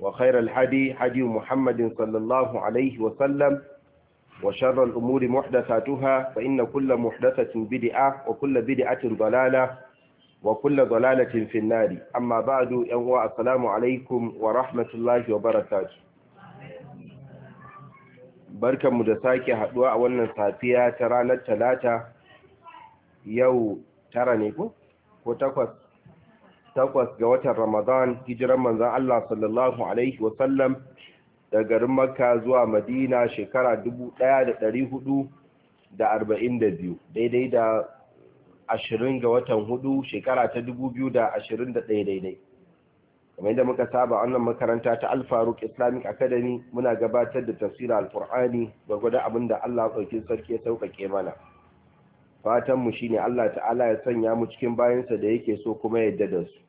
وخير الحدي حدي محمد صلى الله عليه وسلم وشر الأمور محدثاتها فإن كل محدثة بدعة وكل بدعة ضلالة وكل ضلالة في النار أما بعد يوم السلام عليكم ورحمة الله وبركاته بركة مدساكي هدواء ونن ساتية ترانا التلاتة يو ترانيكو وتقوى takwas ga watan Ramadan hijiran manzan Allah sallallahu Alaihi wasallam da garin Makka zuwa Madina shekara 1442 daidai da 20 ga watan hudu shekara ta 2021 daidai. kamar yadda muka saba wannan makaranta ta alfaruk islamic academy muna gabatar da tafsir alkur'ani gwargwadon abin da allah ɗauki sarki ya sauƙaƙe mana fatanmu shi ne allah ta'ala ya sanya mu cikin bayansa da yake so kuma yadda da su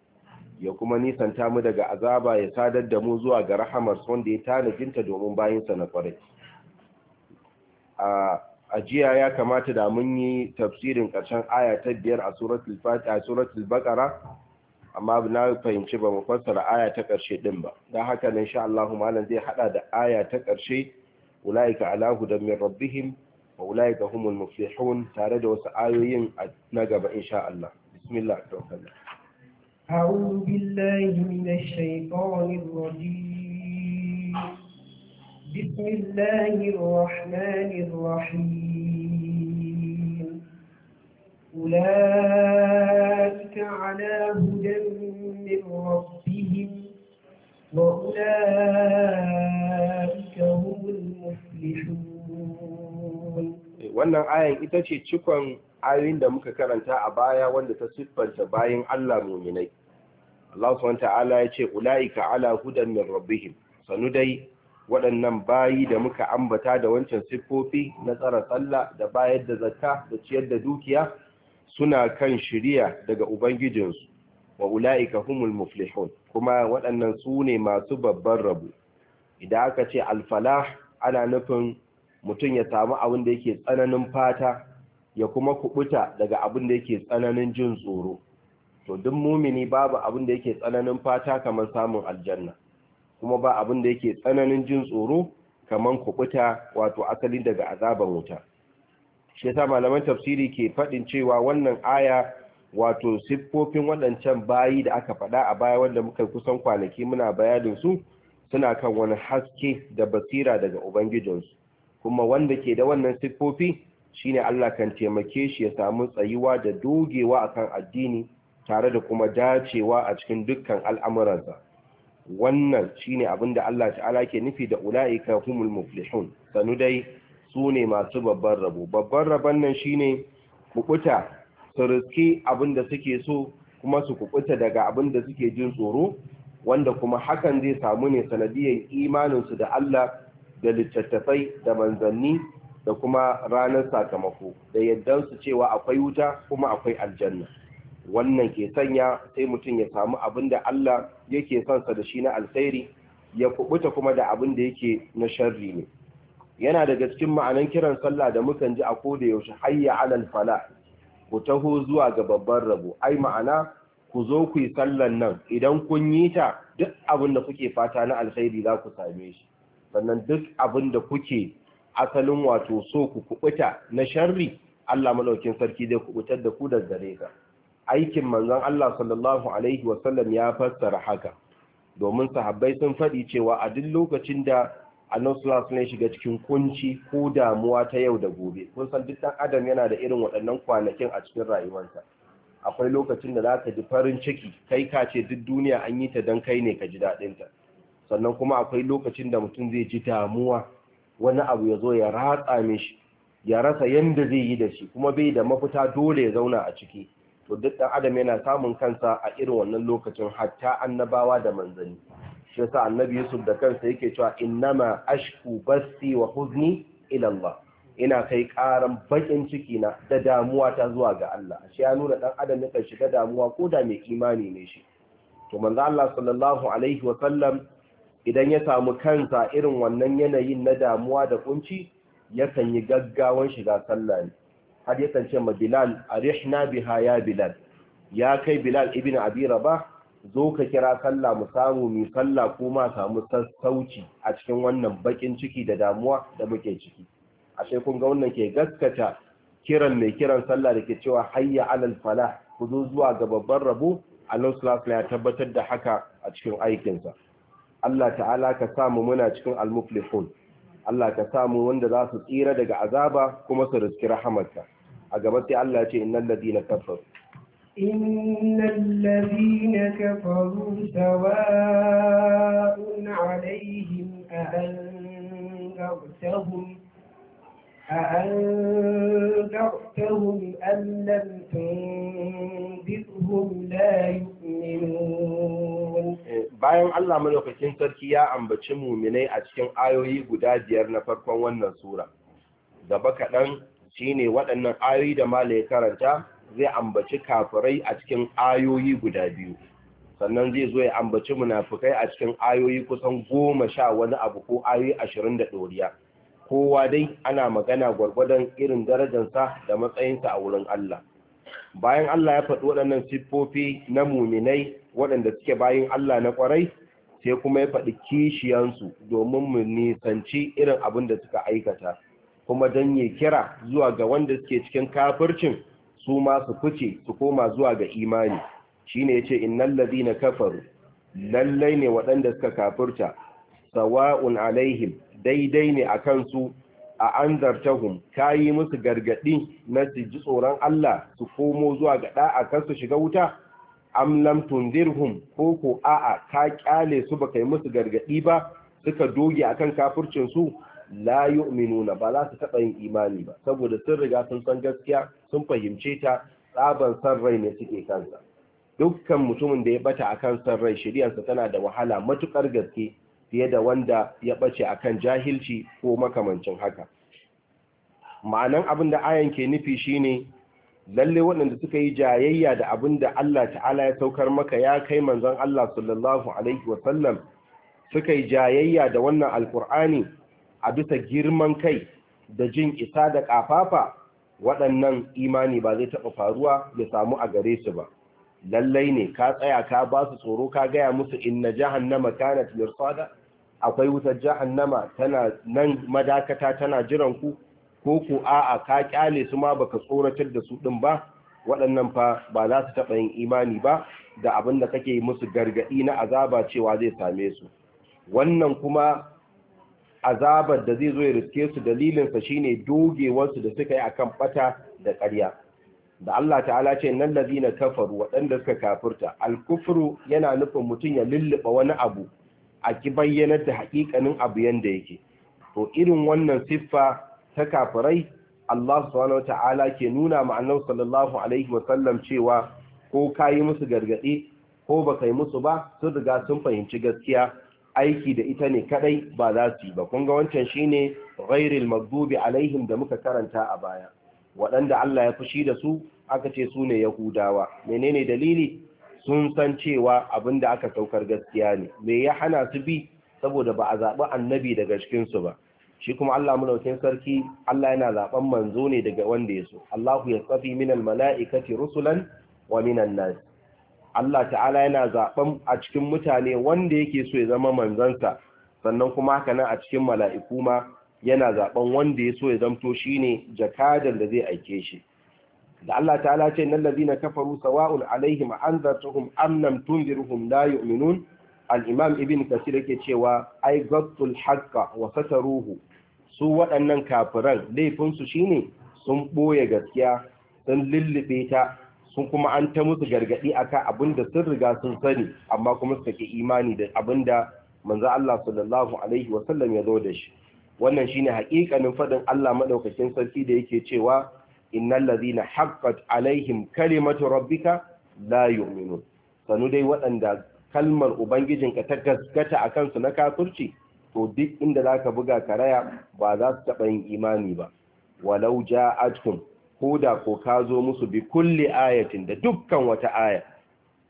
ya kuma nisanta mu daga azaba ya sadar da mu zuwa ga rahamar wanda ya tanajinta domin bayinsa na kwarai a jiya ya kamata da mun yi tafsirin ƙarshen aya ta biyar a suratul baqara amma na fahimci ba mu fassara aya ta ƙarshe din ba don haka nan sha Allahu malam zai hada da aya ta ƙarshe ulaika ala hudan min rabbihim wa ulaika humul muflihun tare da wasu ayoyin na gaba insha Allah bismillah أعوذ بالله من الشيطان الرجيم بسم الله الرحمن الرحيم أولئك على هدى من ربهم وأولئك هم المفلحون wannan ayan ita ce cikon ayoyin da muka karanta a baya wanda ta siffanta bayan Allah muminai Allah subhanahu ta'ala ya ce ulaika ala hudan min rabbihim sanu dai waɗannan bayi da muka ambata da wancan siffofi na tsara sallah da bayar da zakka da ciyar da dukiya suna kan shiriya daga ubangijinsu wa ula'ika humul muflihun kuma waɗannan su ne masu babban rabu idan aka ce alfalah ana nufin mutum ya samu abin da yake tsananin fata ya kuma kubuta daga abin da yake tsananin jin tsoro to duk mumini babu abin da yake tsananin fata kamar samun aljanna kuma ba abin da yake tsananin jin tsoro kamar kubuta wato asali daga azaban wuta shi yasa malaman tafsiri ke faɗin cewa wannan aya wato siffofin waɗancan bayi da aka faɗa a baya wanda muka kusan kwanaki muna bayanin su suna kan wani haske da basira daga ubangijinsu kuma wanda ke da wannan siffofi shine Allah kan taimake shi ya samu tsayuwa da dogewa akan addini tare da kuma dacewa a cikin dukkan al'amuransa wannan shine abin da Allah ta'ala ke nufi da ula'ika humul muflihun sanu dai su ne masu babban rabo babban rabon nan shine kukuta su riski abin da suke so kuma su kukuta daga abin da suke jin tsoro wanda kuma hakan zai samu ne sanadiyar imaninsu da Allah da littattafai da manzanni da kuma ranar sakamako da yadda su cewa akwai wuta kuma akwai aljanna wannan ke sanya sai mutum ya samu abin da Allah yake son sa da shi na alkhairi ya kubuta kuma da abin da yake na sharri ne yana daga cikin ma'anan kiran sallah da mukan ji a ko da yaushe hayya alal fala ku taho zuwa ga babban rabo ai ma'ana ku zo ku yi sallan nan idan kun yi ta duk abin da kuke fata na alkhairi za ku same shi sannan duk abin da kuke asalin wato so ku kubuta na sharri Allah madaukin sarki zai kubutar da ku da gare ka aikin manzon Allah sallallahu alaihi sallam ya fassara haka domin sahabbai sun faɗi cewa a duk lokacin da annabi sallallahu alaihi shiga cikin kunci ko damuwa ta yau da gobe kun san duk adam yana da irin waɗannan kwanakin a cikin rayuwarsa akwai lokacin da zaka ji farin ciki kai ka ce duk duniya an yi ta dan kai ne ka ji daɗin ta sannan kuma akwai lokacin da mutum zai ji damuwa wani abu ya zo ya ratsa mishi ya rasa yanda zai yi da shi kuma bai da mafita dole ya zauna a ciki to duk ɗan adam yana samun kansa a irin wannan lokacin hatta annabawa da manzanni shi yasa annabi Yusuf da kansa yake cewa innama ashku basti wa huzni ila Allah ina kai karan bakin ciki na da damuwa ta zuwa ga Allah shi ya nuna dan adam kan shiga damuwa ko da mai imani ne shi to manzo Allah sallallahu alaihi wa sallam idan ya samu kansa irin wannan yanayin na damuwa da kunci yakan yi gaggawan shiga sallah ne har ya ce ma bilal arihna biha ya bilal ya kai bilal ibn abi rabah zo ka kira sallah mu samu mi sallah kuma samu sassauci a cikin wannan bakin ciki da damuwa da muke ciki ashe kun ga wannan ke gaskata kiran mai kiran sallah da ke cewa hayya alal falah ku zo zuwa ga babban rabo Allah subhanahu ya tabbatar da haka a cikin aikinsa Allah ta'ala ka samu muna cikin al-muflihun Allah ka samu wanda za su tsira daga azaba kuma su riski rahamarka a gaban sai Allah ya ce innal ladina kafaru إن الذين كفروا سواء عليهم أأنذرتهم أأنذرتهم أم لم تنذرهم لا يؤمنون bayan Allah malaukakin sarki ya ambaci muminai a cikin ayoyi guda biyar na farkon wannan sura gaba kaɗan shine waɗannan ayoyi da malai karanta zai ambaci kafirai a cikin ayoyi guda biyu sannan zai zo ya ambaci munafukai a cikin ayoyi kusan goma sha wani abu ko ayoyi ashirin da ɗoriya kowa dai ana magana gwargwadon irin darajarsa da matsayinsa a wurin Allah bayan Allah ya faɗi waɗannan siffofi na muminai waɗanda suke bayan Allah na ƙwarai sai kuma ya faɗi kishiyansu domin mu nisanci irin abin da suka aikata kuma don ya kira zuwa ga wanda suke cikin kafircin su ma su fice su koma zuwa ga imani Shi ne yace lallazi na kafaru lallai ne waɗanda suka kafirta sawa'un alaihim daidai ne a kansu. a an zartahum ka yi musu gargaɗi na su ji tsoron Allah su komo zuwa ga ɗa'a kan su shiga wuta am lam tundirhum ko ko a'a ka kyale su baka yi musu gargaɗi ba suka doge akan kafircin su la yu'minuna ba za su taɓa yin imani ba saboda sun riga sun san gaskiya sun fahimce ta tsaban san rai ne suke kansa dukkan mutumin da ya bata akan san rai shiriyarsa tana da wahala matukar gaske fiye da wanda ya ɓace a kan jahilci ko makamancin haka ma'anan abin da ayan ke nufi shine lalle waɗanda suka yi jayayya da abin da Allah ta'ala ya saukar maka ya kai manzon Allah sallallahu alaihi wasallam suka yi jayayya da wannan alkur'ani a bisa girman kai da jin isa da ƙafafa waɗannan imani ba zai taɓa faruwa ya samu a gare su ba lallai ne ka tsaya ka ba su tsoro ka gaya musu inna jahannama kanat mirsada akwai wutar jahannama tana nan madakata tana jiran ku ko ku a'a ka kyale su ma baka tsoratar da su din ba waɗannan fa ba za su taɓa yin imani ba da abin da kake musu gargaɗi na azaba cewa zai same su wannan kuma azabar da zai zo ya riske su dalilinsa shine dogewarsu da suka yi akan ɓata da ƙarya da Allah ta'ala ce nan na kafaru waɗanda suka kafurta alkufru yana nufin mutum ya lulluɓa wani abu a ki bayyanar da haƙiƙanin abu yanda yake to irin wannan siffa ta kafirai Allah subhanahu wata'ala ke nuna ma annabi sallallahu alaihi wasallam cewa ko ka yi musu gargadi ko baka yi musu ba sun riga sun fahimci gaskiya aiki da ita ne kadai ba za su yi ba kun ga wancan shine ghairil maghdubi alaihim da muka karanta a baya waɗanda Allah ya fushi da su aka ce su ne yahudawa menene dalili sun san cewa abin da aka saukar gaskiya ne me ya hana su bi saboda ba a zaɓi annabi daga cikinsu ba shi kuma Allah mulaukin sarki Allah yana zaɓan manzo ne daga wanda ya so Allahu ya tsafi minal mala'ikati rusulan wa minan nas Allah ta'ala yana zaɓan a cikin mutane wanda yake so ya zama manzansa sannan kuma haka nan a cikin mala'iku ma yana zaɓan wanda ya so ya zamto shine jakadan da zai aike shi da Allah ta'ala ce nan ladina kafaru sawa'un alaihim anzartuhum am lam tunzirhum la yu'minun al-imam ibn kasir yake cewa ai gattul haqqa wa su waɗannan kafiran laifin su shine sun boye gaskiya sun lullube ta sun kuma an ta musu gargadi akan abinda sun riga sun sani amma kuma su ki imani da abinda manzo Allah sallallahu alaihi wa sallam ya zo da shi wannan shine haƙiƙanin fadin Allah madaukakin sarki da yake cewa Inna lazina haqqat alaihim kalimatu rabbika la yu'minun sanu dai waɗanda kalmar ubangijinka ta gaskata a kansu na kafirci to duk inda za ka buga karaya ba za su taɓa yin imani ba walau ja'atkum ko da ko ka zo musu bi kulli ayatin da dukkan wata aya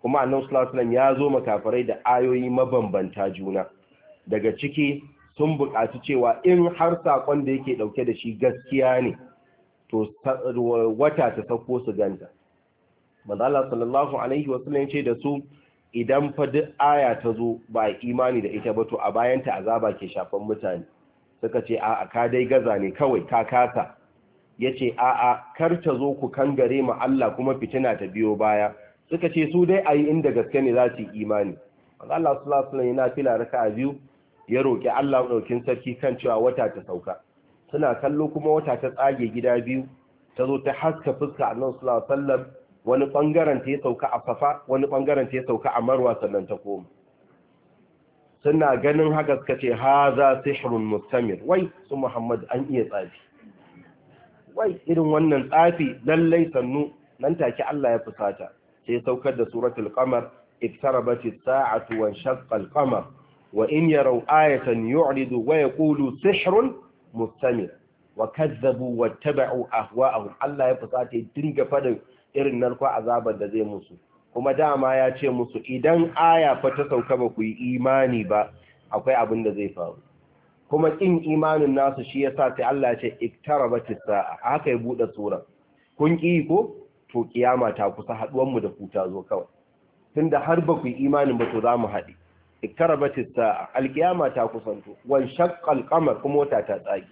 kuma annabi sallallahu alaihi ya zo makafirai da ayoyi mabambanta juna daga ciki sun buƙaci cewa in har sakon da yake dauke da shi gaskiya ne to wata ta sako su ganta manzala sallallahu alaihi wasallam ce da su idan fa duk aya ta zo ba imani da ita ba to a bayanta azaba ke shafan mutane suka ce a'a ka dai gaza ne kawai ka kasa ya ce a'a kar ta zo ku kangare mu Allah kuma fitina ta biyo baya suka ce su dai a inda gaske ne za su yi imani Allah sallallahu alaihi wasallam yana fila raka'a biyu ya roƙi Allah ɗaukin sarki kan cewa wata ta sauka suna kallo kuma wata ta tsage gida biyu ta zo ta haska fuska a sallallahu suna sallar wani ɓangaren ta ya sauka a safa wani bangaren ta ya sauka a marwa sannan ta koma suna ganin haka suka ce haza sihrun mustamir wai su muhammad an iya tsafi wai irin wannan tsafi lallai sannu nan take Allah ya fusata sai saukar da suratul kamar iktarabatis sa'atu wa shaqqa al-qamar wa in yaraw ayatan yu'ridu wa yaqulu sihrun mustamir wa kazzabu wa taba'u ahwa'ahum Allah ya fusata dinga fadin irin narko azabar da zai musu kuma dama ya ce musu idan aya fa ta sauka ba ku yi imani ba akwai abin da zai faru kuma kin imanin nasu shi yasa sai Allah ya ce iktarabatis sa'a haka ya bude sura kun ki ko to kiyama ta kusa haduwan mu da futa zo kawai tunda har ba ku yi imanin ba to za mu haɗe iktarabatis sa'a alkiyama ta kusanto wan shaqqal qamar kuma wata ta tsage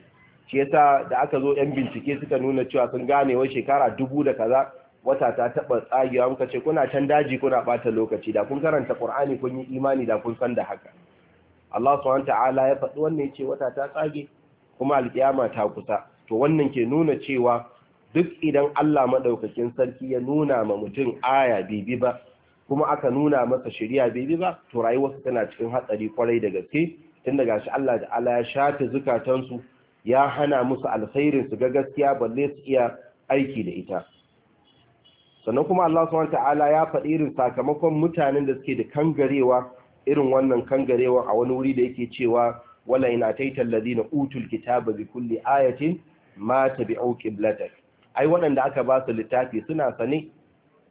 shi yasa da aka zo yan bincike suka nuna cewa sun gane wai shekara dubu da kaza wata ta taba tsagewa muka ce kuna can daji kuna bata lokaci da kun karanta qur'ani kun yi imani da kun san da haka Allah subhanahu ta'ala ya faɗi wannan yace wata ta tsage kuma alkiyama ta kusa to wannan ke nuna cewa duk idan Allah madaukakin sarki ya nuna ma mutum aya bibi ba kuma aka nuna masa shari'a bai bi ba to rayuwarsa tana cikin hatsari kwarai da gaske tun daga shi Allah da Allah ya shafe zukatansu ya hana musu alkhairin su ga gaskiya balle su iya aiki da ita sannan kuma Allah subhanahu ta'ala ya faɗi irin sakamakon mutanen da suke da kangarewa irin wannan kangarewa a wani wuri da yake cewa wala ina taital ladina utul kitaba bi kulli ayatin ma tabi'u qiblatak ai waɗanda aka ba su littafi suna sane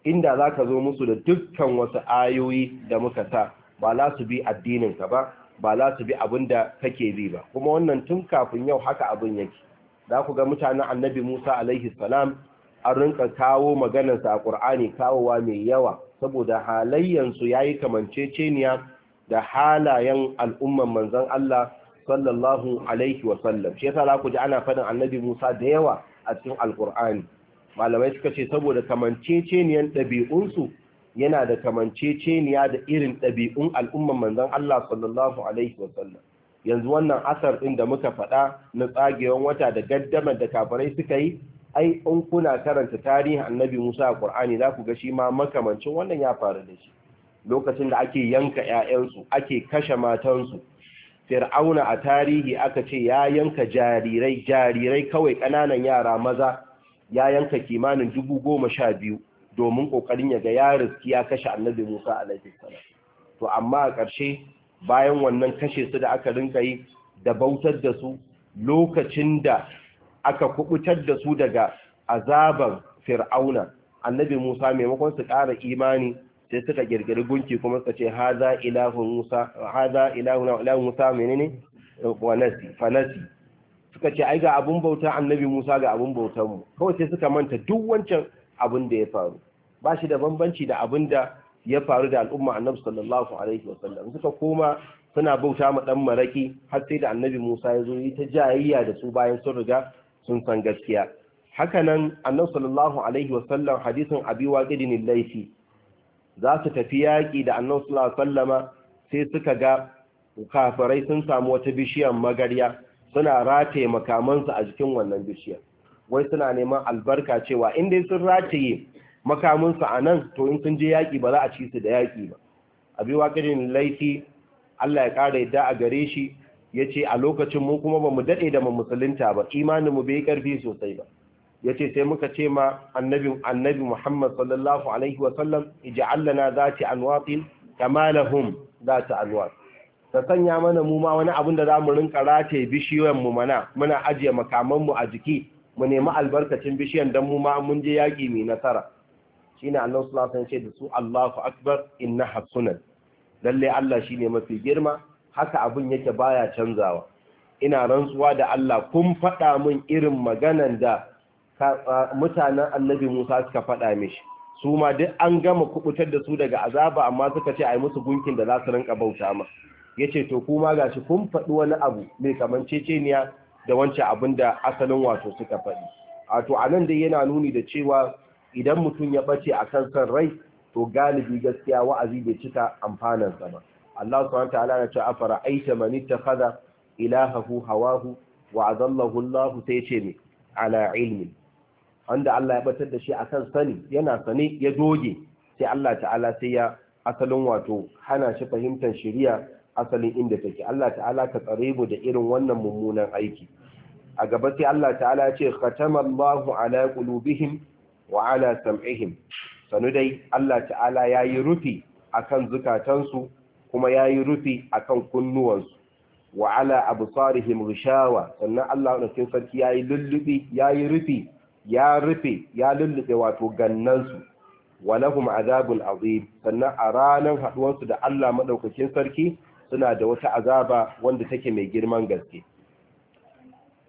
inda za ka zo musu da dukkan wasu ayoyi da muka sa ba za su bi addininka ba ba za su bi abin da kake bi ba kuma wannan tun kafin yau haka abin yake za ku ga mutanen annabi musa alaihi salam an rinka kawo maganarsa a ƙur'ani kawowa mai yawa saboda halayyansu ya yi kamanceceniya da halayen al'umman manzan Allah sallallahu alaihi wasallam shi yasa za ku ji ana faɗin annabi musa da yawa a cikin alƙur'ani malamai suka ce saboda kamanceceniyan ɗabi'unsu yana da kamanceceniya da irin ɗabi'un al'umman manzon Allah sallallahu alaihi wasallam yanzu wannan asar ɗin da muka faɗa na tsagewan wata da gaddamar da kafirai suka yi ai in kuna karanta tarihin annabi Musa a Kur'ani, za ku ga shi ma makamancin wannan ya faru da shi lokacin da ake yanka 'ya'yansu, ake kashe matansu Fir'auna a tarihi aka ce ya yanka jarirai jarirai kawai ƙananan yara maza ya yanka kimanin dubu goma sha biyu domin ƙoƙarin ya ga ya riski ya kashe annabi musa laifin to amma a ƙarshe bayan wannan kashe su da aka rinka yi da bautar da su lokacin da aka kubutar da su daga azaban fir'auna annabi musa maimakon su ƙara imani sai suka girgiri gunki kuma suka ce haza ilahun musa haza ilahun musa menene suka ce ai ga abun bauta annabi Musa ga abun bautar mu kawai sai suka manta duk wancan abun da ya faru ba shi da bambanci da abun da ya faru da al'umma annabi sallallahu alaihi wasallam suka koma suna bauta ma dan maraki har sai da annabi Musa ya zo yi ta jayayya da su bayan sun riga sun san gaskiya hakanan annabi sallallahu alaihi wasallam hadisin abi waqidin laifi za su tafi yaƙi da annabi sallallahu alaihi wasallama sai suka ga kafirai sun samu wata bishiyar magarya suna rataye makamansu a jikin wannan bishiyar wai suna neman albarka cewa in sun rataye makamansu a nan to in sun je yaƙi ba za a ci su da yaƙi ba abi waƙirin laifi Allah ya ƙara yadda a gare shi ya ce a lokacin mu kuma ba mu daɗe da mu musulunta ba imaninmu bai ƙarfi sosai ba ya ce sai muka ce ma annabi annabi Muhammad sallallahu alaihi wa sallam ij'al lana zati anwatin kama lahum zati anwatin ta sanya mana mu ma wani abin da za mu rinka rataye bishiyoyin mu mana muna ajiye makaman mu a jiki mu nemi albarkacin bishiyan dan mu ma mun je yaki mai nasara shine Allah sallallahu alaihi wasallam ce da su Allahu akbar inna hasunan Lallai Allah shine mafi girma haka abin yake baya canzawa ina rantsuwa da Allah kun faɗa min irin maganan da mutanen annabi Musa suka faɗa mishi su ma duk an gama kubutar da su daga azaba amma suka ce ai musu gunkin da za su rinka bauta ma ya ce to kuma ga shi kun faɗi wani abu mai kamanceceniya da wancan abin da asalin wato suka faɗi to a nan dai yana nuni da cewa idan mutum ya ɓace a kan san rai to galibi gaskiya wa'azi bai cika amfanansa ba Allah subhanahu ta'ala ya ce afara aita man ittakhadha ilahahu hawahu wa adallahu Allah sai ce ne ala ilmi wanda Allah ya batar da shi akan sani yana sane ya doge sai Allah ta'ala sai ya asalin wato hana shi fahimtar shari'a asalin inda take Allah ta'ala ka tsare mu da irin wannan mummunan aiki a gaba sai Allah ta'ala ce khatamallahu ala qulubihim wa ala sam'ihim sanu dai Allah ta'ala yayi rufi akan zukatansu kuma yayi rufi akan kunnuwansu wa ala absarihim ghishawa sannan Allah wannan sarki yayi lullubi yayi rufi ya rufe ya lullube wato gannansu lahum azabul azim sannan a ranar haduwarsu da Allah madaukakin sarki suna da wata azaba wanda take mai girman gaske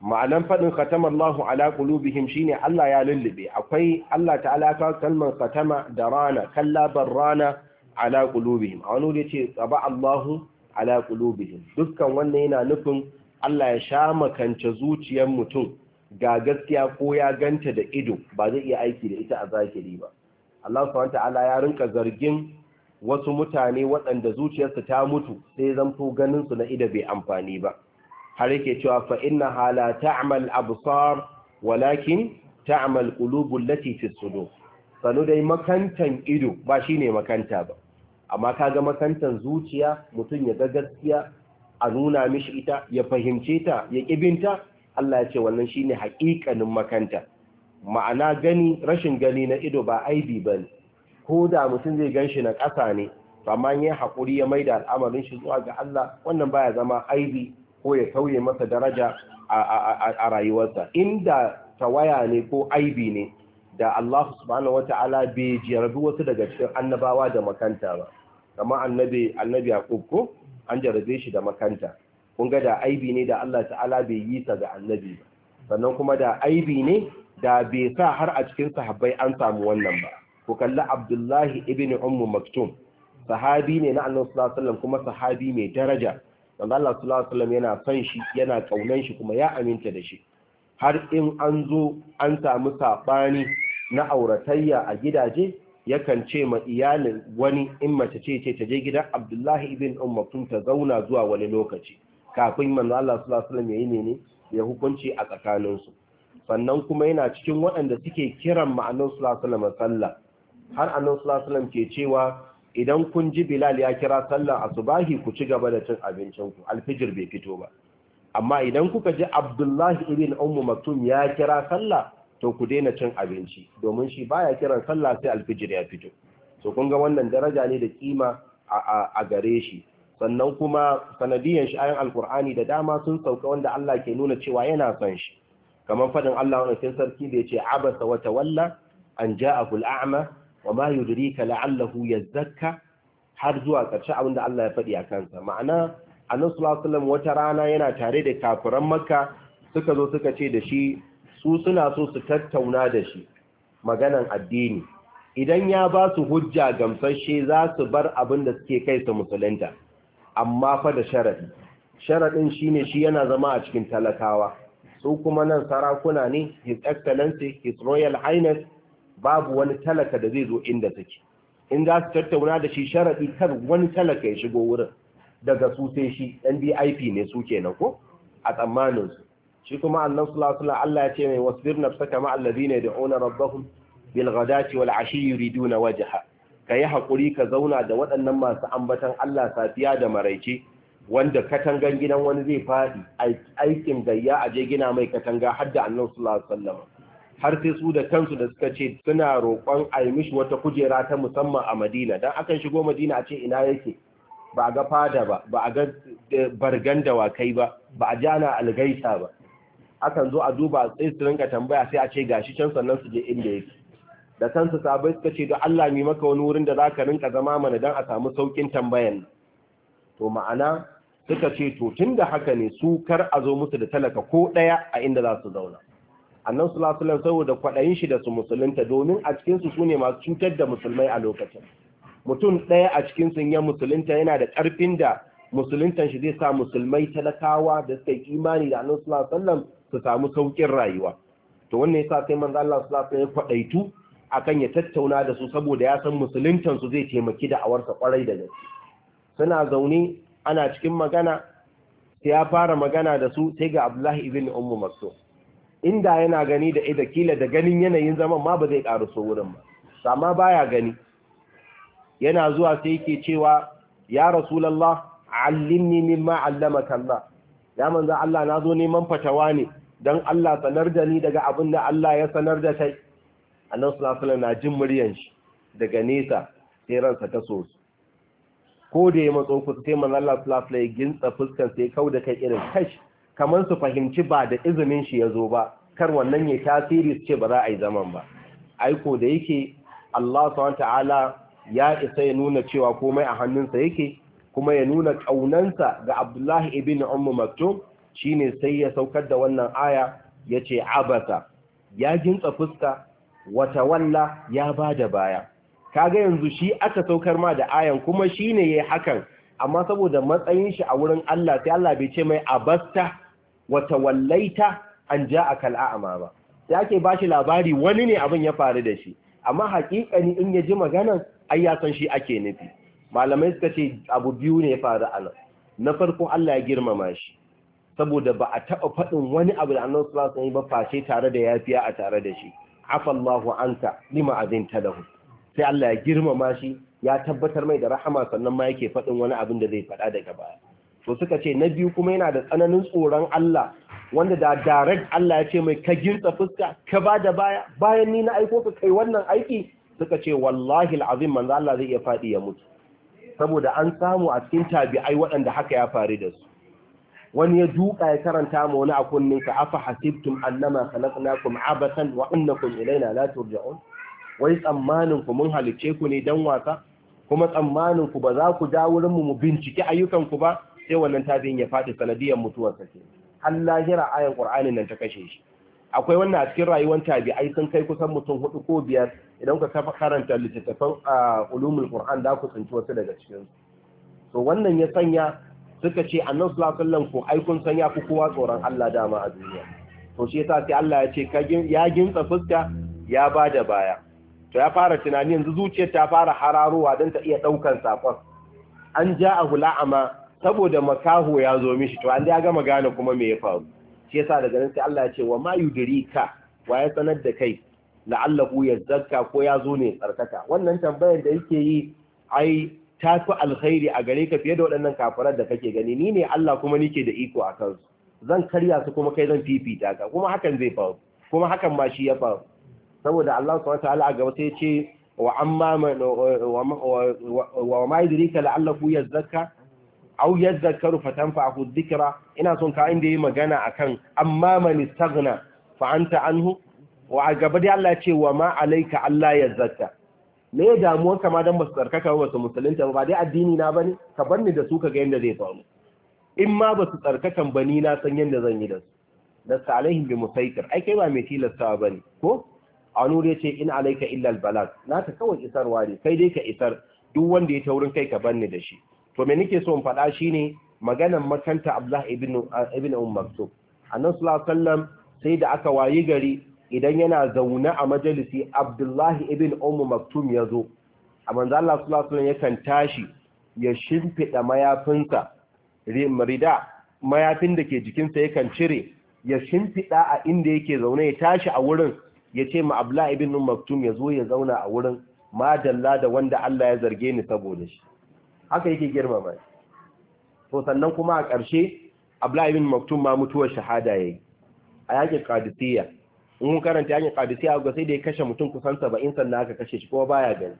ma'anan faɗin khatama Allahu ala qulubihim shine Allah ya lullube akwai Allah ta'ala ta kalmar khatama da rana kalla rana ala qulubihim a wani yace tsaba Allahu ala qulubihim dukkan wannan yana nufin Allah ya sha makance zuciyar mutum ga gaskiya ko ya ganta da ido ba zai iya aiki da ita a zahiri ba Allah subhanahu ta'ala ya rinka zargin wasu mutane waɗanda zuciyarsu ta mutu sai ganin ganinsu na ida bai amfani ba har yake cewa fa inna hala ta'mal absar walakin ta'mal qulubul lati fi sudur sanu dai makantan ido ba shine makanta ba amma kaga makantan zuciya mutum ya ga gaskiya a nuna mishi ita ya fahimce ta ya kibinta Allah ya ce wannan shine haƙiƙanin makanta ma'ana gani rashin gani na ido ba aibi bane ko da mutum zai gan shi na ƙasa ne amma ya haƙuri ya mai da al'amarin shi zuwa ga Allah wannan baya zama aibi ko ya tauye masa daraja a rayuwarsa inda tawaya ne ko aibi ne da Allah subhanahu wata'ala bai jarabi wasu daga cikin annabawa da makanta ba kama annabi annabi Yaqub ko an jarabe shi da makanta kun ga da aibi ne da Allah ta'ala bai yi sa ga annabi ba sannan kuma da aibi ne da bai sa har a cikin sahabbai an samu wannan ba ku kalli abdullahi ibn ummu maktum sahabi ne na annabi sallallahu alaihi wasallam kuma sahabi mai daraja dan Allah sallallahu alaihi wasallam yana son shi yana kaunan shi kuma ya aminta da shi har in an zo an samu sabani na auratayya a gidaje yakan ce ma iyalin wani in mace ce ce ta je gidan Abdullahi ibn Umm Maktum ta zauna zuwa wani lokaci kafin manzo Allah sallallahu alaihi wasallam ya yi ne ya hukunci a tsakaninsu sannan kuma yana cikin waɗanda suke kiran ma'anar sallallahu alaihi wasallam sallah har annabi sallallahu alaihi ke cewa idan kun ji Bilal ya kira sallar asubahi ku ci gaba da cin abincin ku alfijir bai fito ba amma idan kuka ji Abdullahi ibn Ummu Maktum ya kira sallah to ku daina cin abinci domin shi baya kiran sallah sai alfijir ya fito to kun ga wannan daraja ne da kima a gare shi sannan kuma sanadiyan shi ayan alkur'ani da dama sun sauka wanda Allah ke nuna cewa yana son shi kamar fadin Allah wannan sarki da ce abasa wata walla an ja'ahu a'ma wa ma yudrika la'allahu yazakka har zuwa ƙarshe da Allah ya faɗi a kansa ma'ana annabi sallallahu alaihi wasallam wata rana yana tare da kafiran makka suka zo suka ce da shi su suna so su tattauna da shi maganan addini idan ya ba su hujja gamsashe za su bar abin da suke kai su musulunta amma fa da sharadi sharadin shine shi yana zama a cikin talakawa su kuma nan sarakuna ne his excellency his royal highness babu wani talaka da zai zo inda take in za su tattauna da shi sharaɗi kar wani talaka ya shigo wurin daga su sai shi NDIP vip ne su kenan ko a tsammanin su shi kuma annan sulasula Allah ya ce mai wasbir nafsaka ma allazi ne da ona rabbahum bil ghadati wal ashi yuriduna wajha ka yi haƙuri ka zauna da waɗannan masu ambatan Allah safiya da maraice wanda katangan gidan wani zai faɗi aikin gayya a je gina mai katanga har da annan sulasula har sai su da kansu da suka ce suna roƙon a yi mishi wata kujera ta musamman a madina don akan shigo madina a ce ina yake ba a ga fada ba ba a ga eh, bargan wakai ba ba a jana algaita ba akan zo a duba sai su rinka tambaya sai a ce gashi can sannan su je inda yake da kansu sabai suka ce don Allah mi maka wani wurin da za ka rinka zama mana don a samu saukin tambayan to ma'ana suka ce to tun da haka ne su kar a zo musu da talaka ko ɗaya a inda za su zauna annan sulasulan saboda kwaɗayin shi da su musulunta domin a cikinsu su ne masu cutar da musulmai a lokacin mutum ɗaya a cikinsu ya musulunta yana da ƙarfin da musuluntan shi zai sa musulmai talakawa da suka yi imani da annan sulasulan su samu sauƙin rayuwa to wannan sa sai manzo Allah ya kwaɗaitu akan ya tattauna da su saboda ya san musuluntan su zai taimaki da awarsa kwarai da gaske suna zaune ana cikin magana sai ya fara magana da su sai ga Abdullahi ibn Ummu Maktum inda yana gani da ida kila da ganin yanayin zaman ma ba zai so wurin ba amma baya gani yana zuwa sai yake cewa ya rasulullah allimni mimma allamaka Allah ya manzo Allah nazo neman fatawa ne dan Allah sanar da ni daga abin da Allah ya sanar da kai annabi sallallahu alaihi wasallam na jin muryan shi daga nesa sai ransa ta so ko da ya matso ku sai manzo Allah sallallahu alaihi wasallam ya gintsa fuskar sai kauda kai irin kai kamar su fahimci ba da izinin shi ya zo ba kar wannan ya tasiri su ce ba za a yi zaman ba aiko da yake Allah su ta'ala ya isa ya nuna cewa komai a hannunsa yake kuma ya nuna ƙaunansa ga Abdullahi ibn Ummu Maktum shine sai ya saukar da wannan aya ya ce abasa ya gintsa fuska wata walla ya ba da baya kaga yanzu shi aka saukar ma da ayan kuma shi shine yi hakan amma saboda matsayin shi a wurin Allah sai Allah bai ce mai abasta wata wallaita an ja a kal'a'ama ba Ya ke ba shi labari wani ne abin ya faru da shi amma haƙiƙani in ya ji maganan ai shi ake nufi malamai suka ce abu biyu ne ya faru a nan na farko Allah ya girmama shi saboda ba a taɓa faɗin wani abu da annabi sallallahu alaihi yi ba face tare da yafiya a tare da shi afallahu anka lima ta da sai Allah ya girmama shi ya tabbatar mai da rahama sannan ma yake faɗin wani abin da zai faɗa daga baya to suka ce na biyu kuma yana da tsananin tsoron Allah wanda da direct Allah ya ce mai ka girta fuska ka ba da baya bayan ni na aiko ka kai wannan aiki suka ce wallahi alazim manzo Allah zai iya fadi ya mutu saboda an samu a cikin tabi'ai waɗanda haka ya faru da su wani ya duka ya karanta ma wani a ka afa hasibtum annama khalaqnakum abatan wa annakum ilaina la turja'un wai tsammanin ku mun halice ku ne dan wasa kuma tsammanin ku ba za ku da wurin mu mu bincike ayyukan ku ba sai wannan tabi'in ya faɗi sanadiyar mutuwarsa ce har lahira ayan qur'anin nan ta kashe shi akwai wannan a cikin rayuwar tabi'ai sun kai kusan mutum hudu ko biyar idan ka kafa karanta littattafan ulumul qur'an da ku tsinci wasu daga cikin to wannan ya sanya suka ce annabi sallallahu alaihi wasallam ko ai kun san ya kowa tsoron Allah dama a duniya to shi yasa sai Allah ya ce ya gintsa fuska ya bada baya to ya fara tunani yanzu zuciyar ta fara hararowa don ta iya daukan sakon an ja'ahu la'ama saboda makaho ya zo mishi to an ya gama gane kuma me ya faru shi yasa daga nan sai Allah ya ce wa ma yudrika wa ya sanar da kai la'allahu yazzakka ko ya zo ne tsarkaka wannan tambayar da yake yi ai ta fi alkhairi a gare ka fiye da waɗannan kafirar da kake gani ni ne Allah kuma nike da iko a kansu zan karya su kuma kai zan fifita ka kuma hakan zai faru kuma hakan ma shi ya faru saboda Allah subhanahu wataala a gaba sai ya ce wa amma wa ma yudrika la'allahu yazzakka au yadhakkaru fatanfa'ahu dhikra ina son ka inda yi magana akan amma man istaghna fa anta anhu wa a gaba dai Allah ya ce wa ma alayka Allah yazzakka me damuwar ma dan basu tsarkaka ba su musulunta ba dai addini na bane ka bar ni da su ka ga yanda zai faru in ma basu tsarkaka bani na san yanda zan yi da su lasta alaihim bi musaitir ai kai ba mai tilastawa bane ko anur ce in alayka illa Na naka kawai isarwa ne kai dai ka isar duk wanda ya taurin kai ka barni da shi to me nake so in faɗa shine maganan makanta Abdullah ibn ibn Umm maktub annabi sallallahu alaihi wasallam sai da aka wayi gari idan yana zaune a majalisi Abdullah ibn Umm Maktum yazo a manzo Allah sallallahu alaihi wasallam yakan tashi ya shimfida mayafinsa rida mayafin da ke jikinsa yakan cire ya shimfida a inda yake zaune ya tashi a wurin ya ce ma Abdullah ibn Umm Maktum yazo ya zauna a wurin ma dalla da wanda Allah ya zarge ni saboda shi haka yake girmama to sannan kuma a ƙarshe Abdullahi bin Maktum ma mutuwar shahada yayi a yakin Qadisiyya in mun karanta yakin Qadisiyya ga sai da ya kashe mutum kusan 70 sannan aka kashe shi kuma baya gani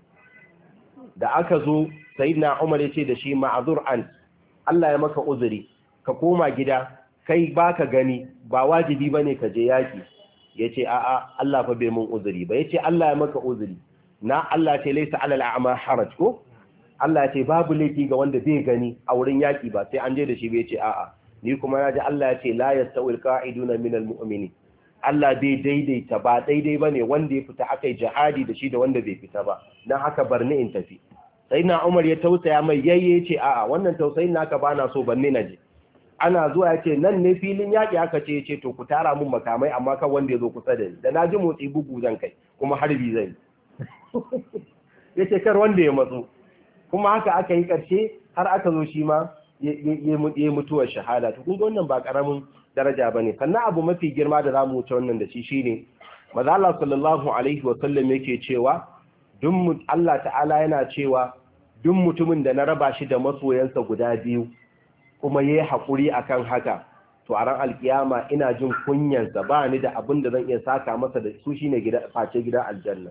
da aka zo sayyidina Umar ya ce da shi ma'azur an Allah ya maka uzuri ka koma gida kai baka gani ba wajibi bane ka je yaki yace a'a Allah fa bai mun uzuri ba yace Allah ya maka uzuri na Allah ce laisa alal a'ma haraj ko Allah ya ce babu laifi ga wanda bai gani a wurin yaki ba sai an je da shi bai ce a'a ni kuma na ji Allah ya ce la yastawil qa'iduna minal mu'minin Allah bai daidaita ba daidai bane wanda ya fita aka jihadi da shi da wanda bai fita ba dan haka barni in tafi sai na Umar ya tausaya mai yayye ce a'a wannan tausayin naka bana so banne na je ana zuwa ya ce nan ne filin yaki aka ce ya ce to ku tara mun makamai amma kan wanda ya zo kusa da ni da na ji motsi bugu zan kai kuma harbi zan yi ya ce kar wanda ya matsu kuma haka aka yi ƙarshe har aka zo shi ma ya mutuwar shahada to kun wannan ba karamin daraja bane sannan abu mafi girma da zamu wuce wannan da shi shine maza Allah sallallahu alaihi wa sallam yake cewa duk Allah ta'ala yana cewa duk mutumin da na raba shi da masoyansa guda biyu kuma yayi hakuri akan haka to a ran alkiyama ina jin kunyansa ba ni da abin da zan iya saka masa da su shine gida face gidan aljanna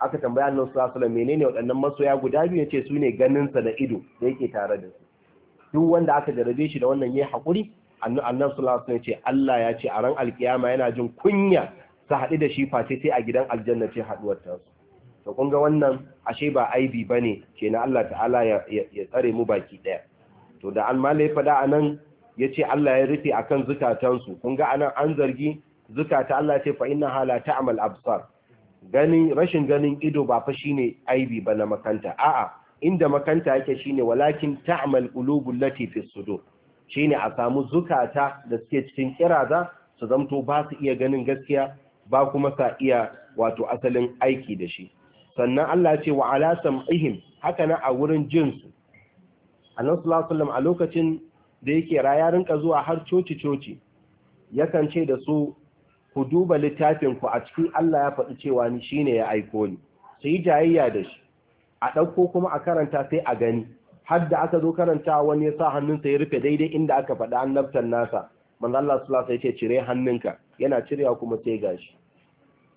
aka tambaya annabi sallallahu alaihi menene waɗannan masoya guda biyu yace su ne ganinsa sa da ido da yake tare da su duk wanda aka jarabe shi da wannan yayi hakuri annabi sallallahu alaihi ce Allah ya ce a ran alkiyama yana jin kunya su haɗu da shi face sai a gidan aljanna ce haɗuwar ta to kun ga wannan ashe ba aibi bane na Allah ta'ala ya, tsare mu baki ɗaya to da an malai fada anan yace Allah ya rufe akan zukatansu kun ga anan an zargi zukata Allah ce fa inna hala ta'mal absar ganin rashin ganin ido ba fa shine aibi ba na makanta a'a inda makanta yake shine walakin ta'mal qulubul lati fi sudur shine a samu zukata da suke cikin kiraza su zamto ba su iya ganin gaskiya ba kuma sa iya wato asalin aiki da shi sannan Allah ce wa ala sam'ihim haka na a wurin jin su annabi sallallahu alaihi wasallam a lokacin da yake raya rinka zuwa har coci coci yakan ce da su ku duba littafin ku a cikin Allah ya faɗi cewa ni shine ya aiko ni su yi jayayya da shi a ɗauko kuma a karanta sai a gani har da aka zo karanta wani ya sa hannunsa ya rufe daidai inda aka faɗi annabtan nasa manzo Allah sallallahu alaihi wasallam cire hannunka yana cirewa kuma sai gashi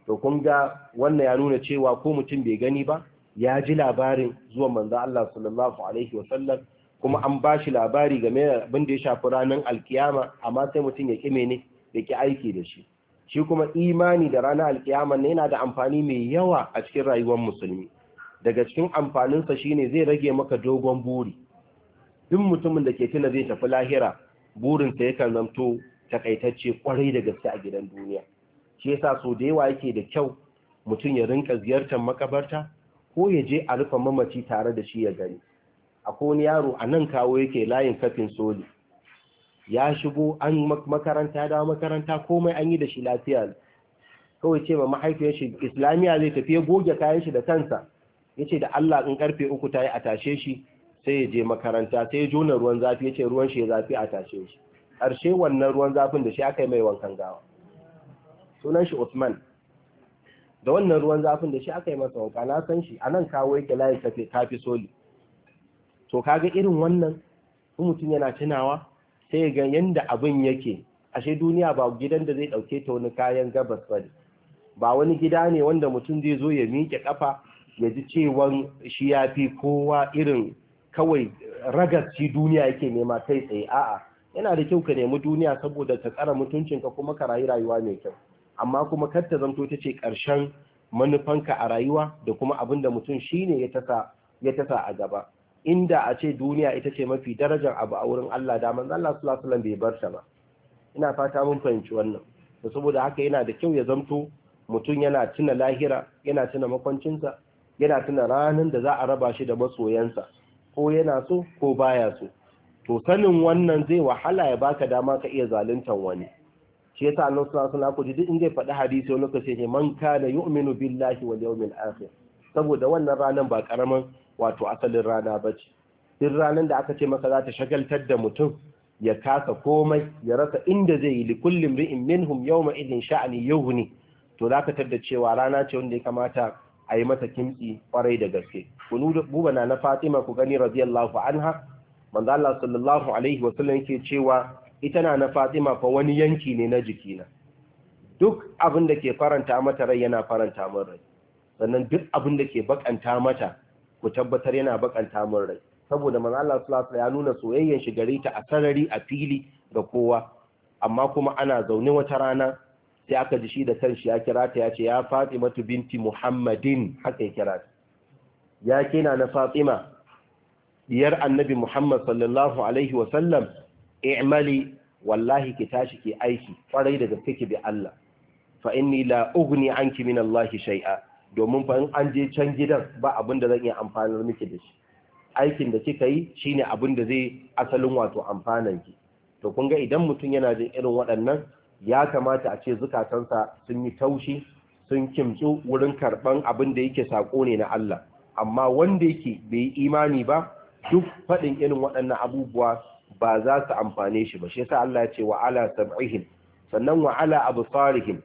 to kun ga wannan ya nuna cewa ko mutum bai gani ba ya ji labarin zuwa manzo Allah sallallahu alaihi wasallam kuma an ba shi labari game da abin da ya shafi ranar alkiyama amma sai mutum ya kime ne da ke aiki da shi shi kuma imani da ranar alkiyama ne yana da amfani mai yawa a cikin rayuwar musulmi daga cikin amfaninsa shine zai rage maka dogon buri duk mutumin da ke tuna zai tafi lahira burinsa yakan zamto takaitacce kwarai da gaske a gidan duniya shi yasa so da yawa yake da kyau mutum ya rinka ziyartar makabarta ko ya je a rufe mamaci tare da shi ya gani akwai wani yaro a nan kawo yake layin kafin soli ya shigo an makaranta da makaranta komai an yi da shi lafiya kawai ce ma mahaifiyar shi islamiya zai tafi ya goge kayan shi da kansa ya ce da Allah in karfe uku ta yi a tashe shi sai ya je makaranta sai ya jona ruwan zafi ya ce ruwan shi ya zafi a tashe shi ƙarshe wannan ruwan zafin da shi aka yi mai wankan gawa sunan shi Usman da wannan ruwan zafin da shi aka yi masa wanka na san shi a nan kawo yake layin tafi soli to kaga irin wannan in mutum yana tunawa sai ga yanda abin yake ashe duniya ba gidan da zai dauke ta wani kayan gabas ba ne ba wani gida ne wanda mutum zai zo ya miƙe kafa ya ji cewan shi ya fi kowa irin kawai ragasci duniya yake nema kai tsaye a'a yana da kyau ka nemi duniya saboda ka tsara ka kuma ka rayu rayuwa mai kyau amma kuma kar ta zamto ta ce ƙarshen manufanka a rayuwa da kuma abin da mutum shine ya tasa ya tasa a gaba inda a ce duniya ita ce mafi darajar abu a wurin Allah da manzo Allah sallallahu alaihi wasallam bai bar ta ba ina fata mun fahimci wannan to saboda haka yana da kyau ya zanto mutum yana tuna lahira yana tuna makwancinsa yana tuna ranar da za a raba shi da masoyansa ko yana so ko baya so to sanin wannan zai wahala ya baka dama ka iya zaluntan wani shi yasa Allah sallallahu alaihi wasallam duk in zai faɗi hadisi wani lokaci ne man kana yu'minu billahi wal yawmil akhir saboda wannan ranar ba karaman wato asalin rana ba ce duk ranar da aka ce masa za ta shagaltar da mutum ya kasa komai ya rasa inda zai yi likullin ri'in minhum yawma idin sha'ani yau ne, to za ka tadda cewa rana ce wanda ya kamata a yi mata kimtsi kwarai da gaske kunu buba na na Fatima ku gani radiyallahu anha manzo sallallahu alaihi wa sallam yake cewa ita na na Fatima fa wani yanki ne na jikina duk abin da ke faranta mata rai yana faranta min rai sannan duk abin da ke bakanta mata ku tabbatar yana bakanta min rai saboda manzo Allah sallallahu alaihi ya nuna soyayyar shi gare ta a sarari a fili ga kowa amma kuma ana zaune wata rana sai aka ji shi da kanshi ya kira ta ya ce ya Fatima binti Muhammadin haka ya kira ta ya kina na Fatima diyar Annabi Muhammad sallallahu alaihi wa sallam i'mali wallahi ki tashi ki aiki kwarai da gaske ki bi Allah fa inni la ugni anki min Allah shay'a domin fa in an je can gidan ba abin da zan iya amfanar miki da shi aikin da kika yi shine abin da zai asalin wato amfanan ki to kun ga idan mutum yana jin irin waɗannan ya kamata a ce zukatansa sun yi taushi sun kimtsu wurin karɓan abin da yake sako ne na Allah amma wanda yake bai yi imani ba duk faɗin irin waɗannan abubuwa ba za su amfane shi ba shi yasa Allah ya ce wa ala sab'ihim sannan wa ala absarihim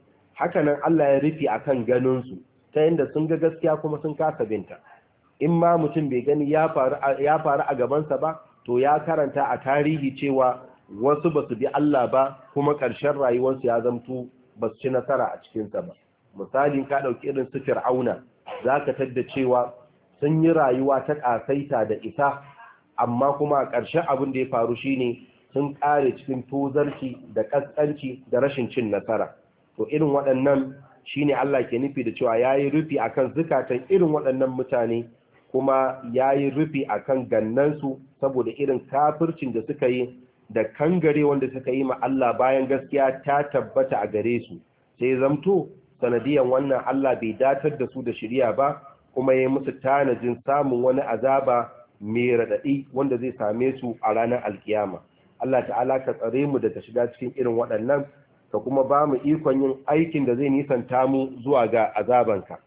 nan Allah ya rufe akan ganin su ta yadda sun ga gaskiya kuma sun kasa binta in ma mutum bai gani ya faru a gabansa ba to ya karanta a tarihi cewa wasu ba su bi Allah ba kuma ƙarshen rayuwarsu ya zamtu ba su ci nasara a cikinsa ba misalin ka ɗauki irin su fir'auna za ka tadda cewa sun yi rayuwa ta ƙasaita da isa amma kuma a ƙarshen abin da ya faru shine sun ƙare cikin tozarci da ƙasƙanci da rashin cin nasara to irin waɗannan shine Allah ke nufi da cewa yayi rufi akan zukatan irin waɗannan mutane kuma yayi rufi akan gannansu saboda irin kafircin da suka yi da kangare wanda suka yi ma Allah bayan gaskiya ta tabbata a gare su sai zamto sanadiyan wannan Allah bai datar da su da shirya ba kuma yayi musu tanajin samun wani azaba mai raɗaɗi wanda zai same su a ranar alkiyama Allah ta'ala ka tsare mu daga shiga cikin irin waɗannan ka kuma ba mu ikon yin aikin da zai nisanta mu zuwa ga azabanka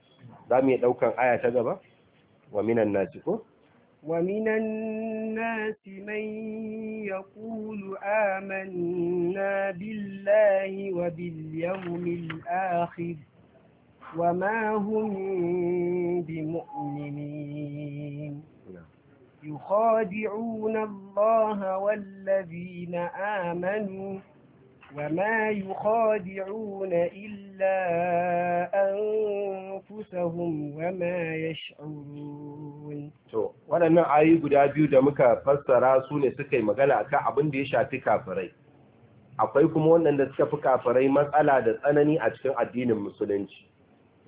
za mu yi ɗaukan aya ta gaba wa minan nasi ko? wa minan nasi mai ya kulu amanna billahi wa bilyamumin akhir wa mahumin yukhadi'una Allah wal na amanu وما يخادعون إلا أنفسهم وما يشعرون to waɗannan ayi guda biyu da muka fassara su ne suka yi magana akan abin da ya shafi kafirai akwai kuma waɗanda suka fi kafirai matsala da tsanani a cikin addinin musulunci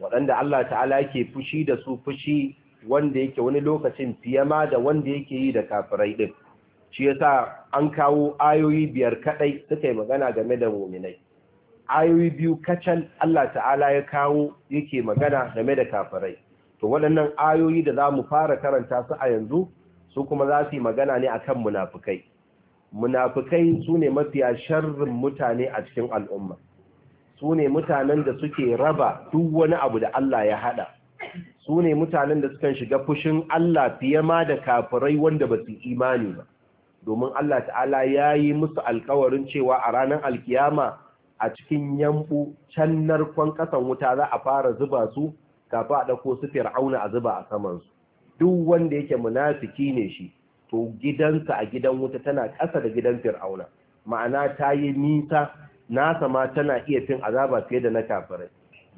waɗanda Allah ta'ala ke fushi da su fushi wanda yake wani lokacin fiye ma da wanda yake yi da kafirai ɗin shi yasa an kawo ayoyi biyar kadai suka yi magana game da muminai ayoyi biyu kacal Allah ta'ala ya kawo yake magana game da kafirai to waɗannan ayoyi da za mu fara karanta su a yanzu su kuma za su yi magana ne akan munafukai munafukai su ne mafiya sharrin mutane a cikin al'umma su ne mutanen da suke raba duk wani abu da Allah ya haɗa. su ne mutanen da sukan shiga fushin Allah fiye ma da kafirai wanda ba su imani ba domin Allah ta'ala ya yi musu alkawarin cewa a ranar alkiyama a cikin yambu can narkon ƙasan wuta za a fara zuba su kafa a ɗauko su fir'auna a zuba a samansu duk wanda yake munafiki ne shi to gidansa a gidan wuta tana ƙasa da gidan fir'auna ma'ana ta yi nisa nasa ma tana iya fin azaba fiye da na kafirai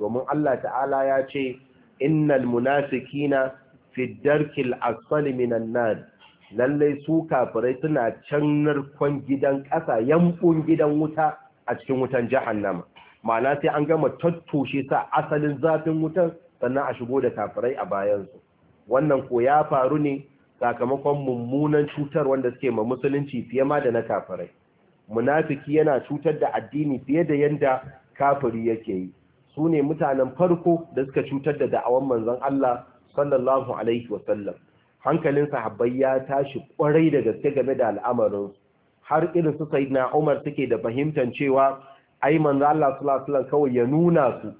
domin Allah ta'ala ya ce innal munafikina fi darkil asfali minan nar lallai su kafirai suna can narkon gidan ƙasa yankun gidan wuta a cikin wutan jahannama ma'ana sai an gama tattoshe sa asalin zafin wutan sannan a shigo da kafirai a bayansu wannan ko ya faru ne sakamakon mummunan cutar wanda suke ma musulunci fiye ma da na kafirai munafiki yana cutar da addini fiye da yanda kafiri yake yi su ne mutanen farko da suka cutar da da'awar manzon Allah sallallahu alaihi wasallam hankalin sahabbai ya tashi kwarai da gaske game da al'amarin har irin su na Umar suke da fahimtar cewa ai manzo Allah sallallahu alaihi wasallam kawai ya nuna su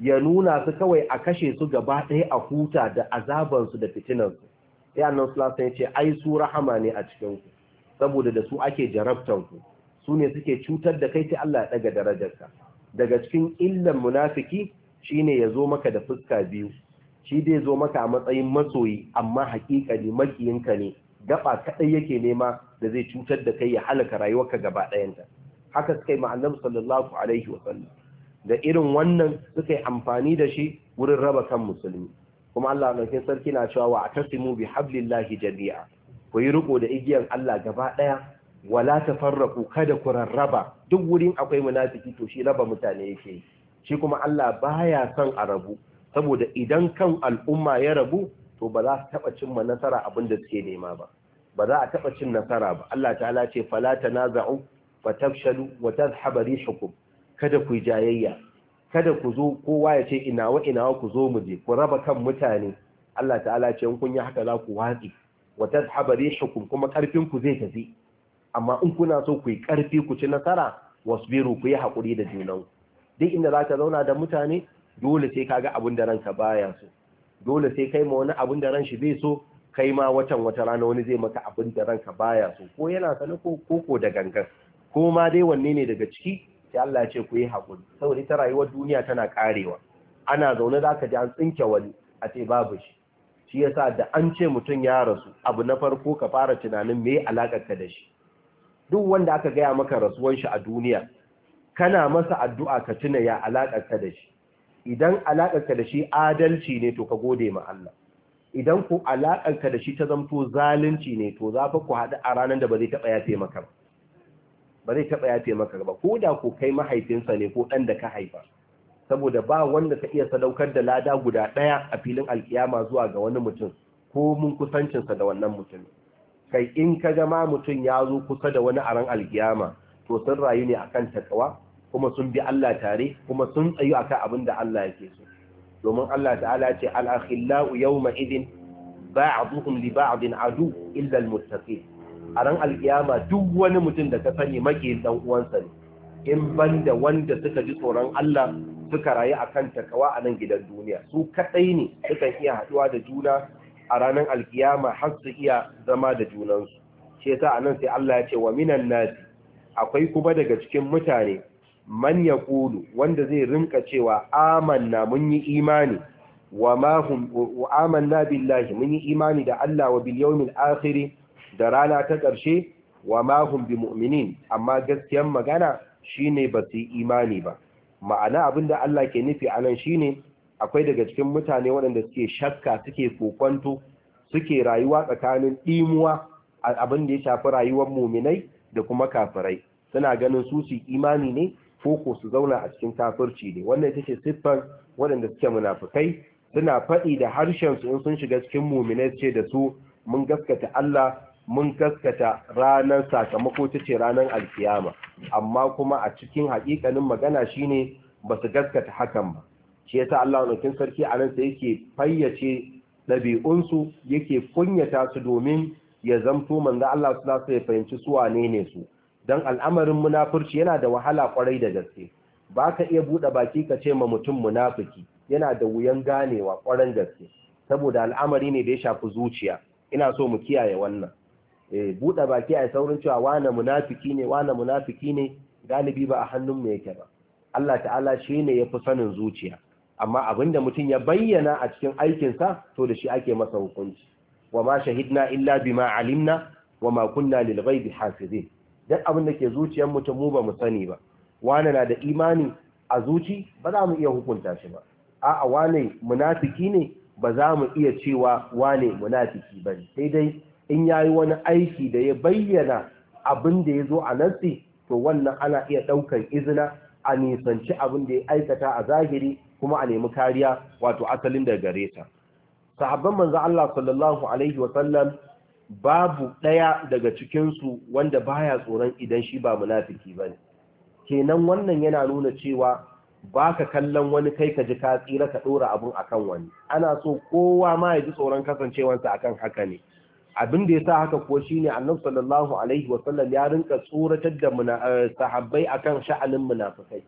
ya nuna su kawai a kashe su gaba ɗaya a huta da azaban su da fitinan su sai annabi sallallahu alaihi wasallam ya ce ai su rahama ne a cikin ku saboda da su ake jarabtan ku su ne suke cutar da kai sai Allah ya daga darajarka daga cikin illan munafiki shine ya zo maka da fuska biyu shi dai zo maka a matsayin masoyi amma hakika ne makiyinka ne gaba kadai yake nema da zai cutar da kai ya halaka rayuwarka gaba ɗayanta haka suka yi ma'anar sallallahu alaihi wa sallam da irin wannan suka yi amfani da shi wurin raba kan musulmi kuma Allah ɗaukin sarki na cewa wa atasimu bi hablillahi jami'a ku yi riko da igiyan Allah gaba ɗaya wala tafarraku kada ku rarraba duk wurin akwai munafiki to shi raba mutane yake yi. shi kuma Allah baya son a rabu saboda idan kan al'umma ya rabu to ba za su taɓa ma nasara abin da suke nema ba ba za a taɓa cin nasara ba Allah ta'ala ce fala tanaza'u fatafshalu wa tadhhabu rihukum kada ku jayayya kada ku zo kowa ya ce inawa inawa ku zo mu je ku raba kan mutane Allah ta'ala ce in kun yi haka za ku watsi wa tadhhabu rihukum kuma karfin ku zai tafi amma in kuna so ku yi karfi ku ci nasara wasbiru ku yi hakuri da junanku duk inda za ka zauna da mutane dole sai kaga abin da ranka baya so dole sai kai ma wani abin da ran bai so kai ma watan wata rana wani zai maka abin da ranka baya so ko yana sani ko koko da gangan ko ma dai wanne ne daga ciki sai Allah ya ce ku yi hakuri saboda ta rayuwar duniya tana karewa ana zaune zaka ji an tsinke wani a ce babu shi shi yasa da an ce mutum ya rasu abu na farko ka fara tunanin me alakar ka da shi duk wanda aka gaya maka rasuwan shi a duniya kana masa addu'a ka tuna ya alakar ka da shi idan alaƙarka da shi adalci ne to ka gode ma Allah idan ku alaƙarka da shi ta zamto zalunci ne to za fa ku haɗu a ranar da ba zai taɓa yafe maka ba ba zai taɓa yafe maka ba ko da ku kai mahaifinsa ne ko ɗan da ka haifa saboda ba wanda ka iya sadaukar da lada guda ɗaya a filin alkiyama zuwa ga wani mutum ko mun kusancinsa da wannan mutum kai in ka ga ma mutum ya zo kusa da wani a ran alkiyama to sun rayu ne akan takawa kuma sun bi Allah tare kuma sun tsayu akan abin da Allah yake so domin Allah ta'ala ce al yauma yawma idin ba'dhum li ba'din adu illal al a ran alkiyama duk wani mutum da ka sani maki dan uwansa ne in banda wanda suka ji tsoron Allah suka rayu akan takawa a nan gidan duniya su kaɗai ne sukan iya haɗuwa da juna a ranar alkiyama har su iya zama da junansu shi yasa anan sai Allah ya ce wa minan nasi akwai kuma daga cikin mutane man ya ƙulu wanda zai rinka cewa amanna mun yi imani wa mahun amanna billahi mun yi imani da Allah wa yawmil akhiri da rana ta ƙarshe wa mahun bi mu'minin amma gaskiyan magana shine ba su yi imani ba ma'ana abin da Allah ke nufi anan nan shine akwai daga cikin mutane waɗanda suke shakka suke kokwanto suke rayuwa tsakanin ɗimuwa abin ya shafi rayuwar muminai da kuma kafirai suna ganin su su imani ne ko su zauna a cikin kafirci ne wannan ita ce siffar waɗanda suke munafukai suna faɗi da harshen su in sun shiga cikin muminai ce da su mun gaskata Allah mun gaskata ranar sakamako ta ce ranar alkiyama amma kuma a cikin haƙiƙanin magana shine ba su gaskata hakan ba shi yasa Allah nukin sarki a nan sai yake fayyace ɗabi'unsu yake kunyata su domin ya zamto manzo Allah su ya fahimci su wane ne su don al'amarin munafurci yana da wahala kwarai da gaske ba ka iya buɗe baki ka ce ma mutum munafiki yana da wuyan ganewa kwaran gaske saboda al'amari ne da ya shafi zuciya ina so mu kiyaye wannan eh buɗe baki a saurin cewa wani munafiki ne wani munafiki ne galibi ba a hannun mu yake ba Allah ta'ala shi ne ya fi sanin zuciya amma abinda mutum ya bayyana a cikin aikinsa to da shi ake masa hukunci wa ma shahidna illa bima alimna wa ma kunna lil ghaibi hafizin duk abin da ke zuciyar mutum mu ba mu sani ba wane na da imani a zuci ba za mu iya hukunta shi ba a'a wane munafiki ne ba za mu iya cewa wane munafiki ba ne sai dai in yayi wani aiki da ya bayyana abin da ya zo a nassi to wannan ana iya ɗaukan izina a nisanci abin da ya aikata a zahiri kuma a nemi kariya wato asalin da gare ta sahabban manzo Allah sallallahu alaihi wa sallam babu ɗaya daga cikinsu wanda baya tsoron idan shi ba munafiki ba ne kenan wannan yana nuna cewa ba ka kallon wani kai ka ji ka tsira ka ɗora abun akan wani ana so kowa ma ya ji tsoron kasancewarsa akan haka ne abin da ya sa haka ko shine annabi sallallahu alaihi wasallam ya rinka tsoratar da eh, sahabbai akan sha'anin munafikai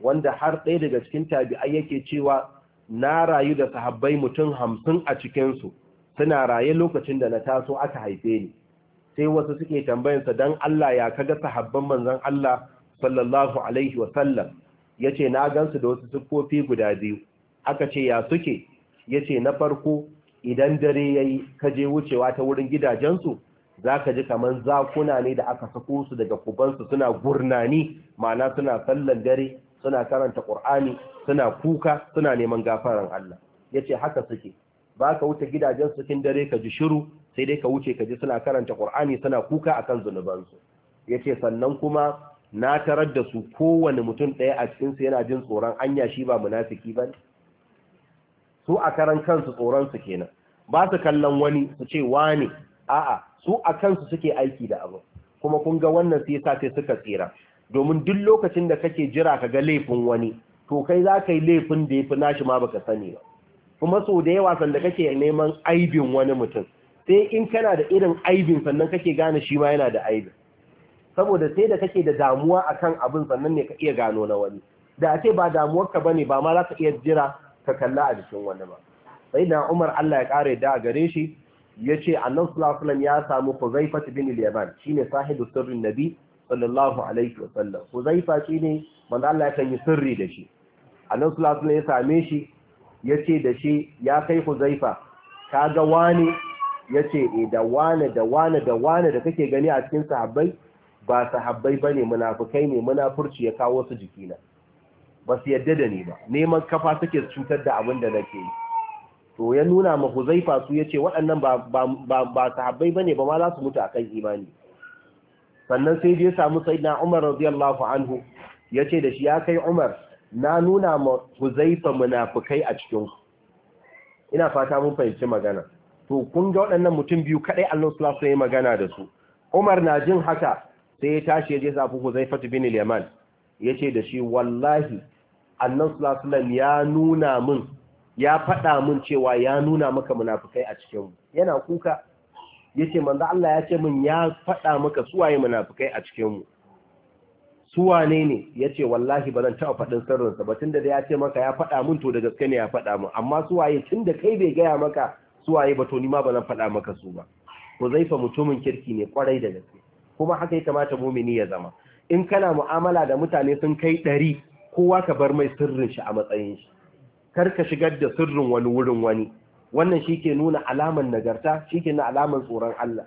wanda har ɗaya daga cikin tabi'ai yake cewa na rayu da sahabbai mutum hamsin a cikinsu suna raye lokacin da na taso aka haife ni sai wasu suke tambayansa don Allah ya kaga sahabban manzon Allah sallallahu alaihi wasallam ya ce na gansu da wasu siffofi guda biyu aka ce ya suke ya ce na farko idan dare ya yi kaje wucewa ta wurin gidajensu za ka ji kamar zakuna ne da aka sako su daga kubansu suna gurnani ma'ana suna sallan dare suna karanta ƙur'ani suna kuka suna neman gafaran Allah ya ce haka suke ba ka wuce gidajen cikin dare ka ji shiru sai dai ka wuce ka ji suna karanta Qur'ani suna kuka akan zunubansu yace sannan kuma na tarar da su kowane mutum ɗaya a cikin yana jin tsoron anya shi ba munafiki bane su a karan kansu tsoron su kenan ba su kallon wani su ce wani a'a su a kansu suke aiki da abu kuma kun ga wannan sai sa sai suka tsira domin duk lokacin da kake jira ka ga laifin wani to kai za ka yi laifin da ya fi nashi ma baka sani ba kuma so da yawa sanda kake neman aibin wani mutum sai in kana da irin aibin sannan kake gane shi ma yana da aibin saboda sai da kake da damuwa akan abin sannan ne ka iya gano na wani da a ce ba ka bane ba ma za ka iya jira ka kalla a jikin wani ba sai da Umar Allah ya kare da a gare shi yace ce sallallahu ya samu Huzaifa bin al-Yaman shine sahibu sirrin Nabi sallallahu alaihi wa sallam Huzaifa shine manzo Allah ya kan yi sirri da shi Annabi ya same shi ya ce da shi ya kai huzaifa ka ga wani ya ce e eh, da wane da wane da wane da kake gani a cikin sahabbai ba sahabbai ba ne munafukai ne munafurci ya kawo su jikina ba su yadda da ni ba neman kafa suke cutar da abin da nake yi to ya nuna ma huzaifa su ya ce waɗannan ba sahabbai ba ne ba ma za su mutu a kan imani sannan sai je samu sai na umar radiyallahu anhu ya ce da shi ya kai umar na nuna ma huzaifa munafukai a cikin ina fata mun fahimci magana to kun ga waɗannan mutum biyu kadai Allah sallallahu alaihi magana da su Umar na jin haka sai ya tashi ya je zafi Huzaifa bin al-Yaman yace da shi wallahi Allah sallallahu alaihi ya nuna min ya faɗa min cewa ya nuna maka munafukai a cikin yana kuka yace manzo Allah ya ce mun ya faɗa maka suwaye munafukai a cikin mu su wane ne ya ce wallahi ba zan taɓa faɗin sirrinsa ba tun da ya ce maka ya faɗa mun to da gaske ne ya faɗa min amma su waye tun da kai bai gaya maka su waye ba to ni ma ba zan faɗa maka su ba ko zai fa mutumin kirki ne kwarai da gaske kuma haka ya kamata mumini ya zama in kana mu'amala da mutane sun kai ɗari kowa ka bar mai sirrin shi a matsayin shi kar ka shigar da sirrin wani wurin wani wannan shi ke nuna alaman nagarta shi ke nuna alaman tsoron Allah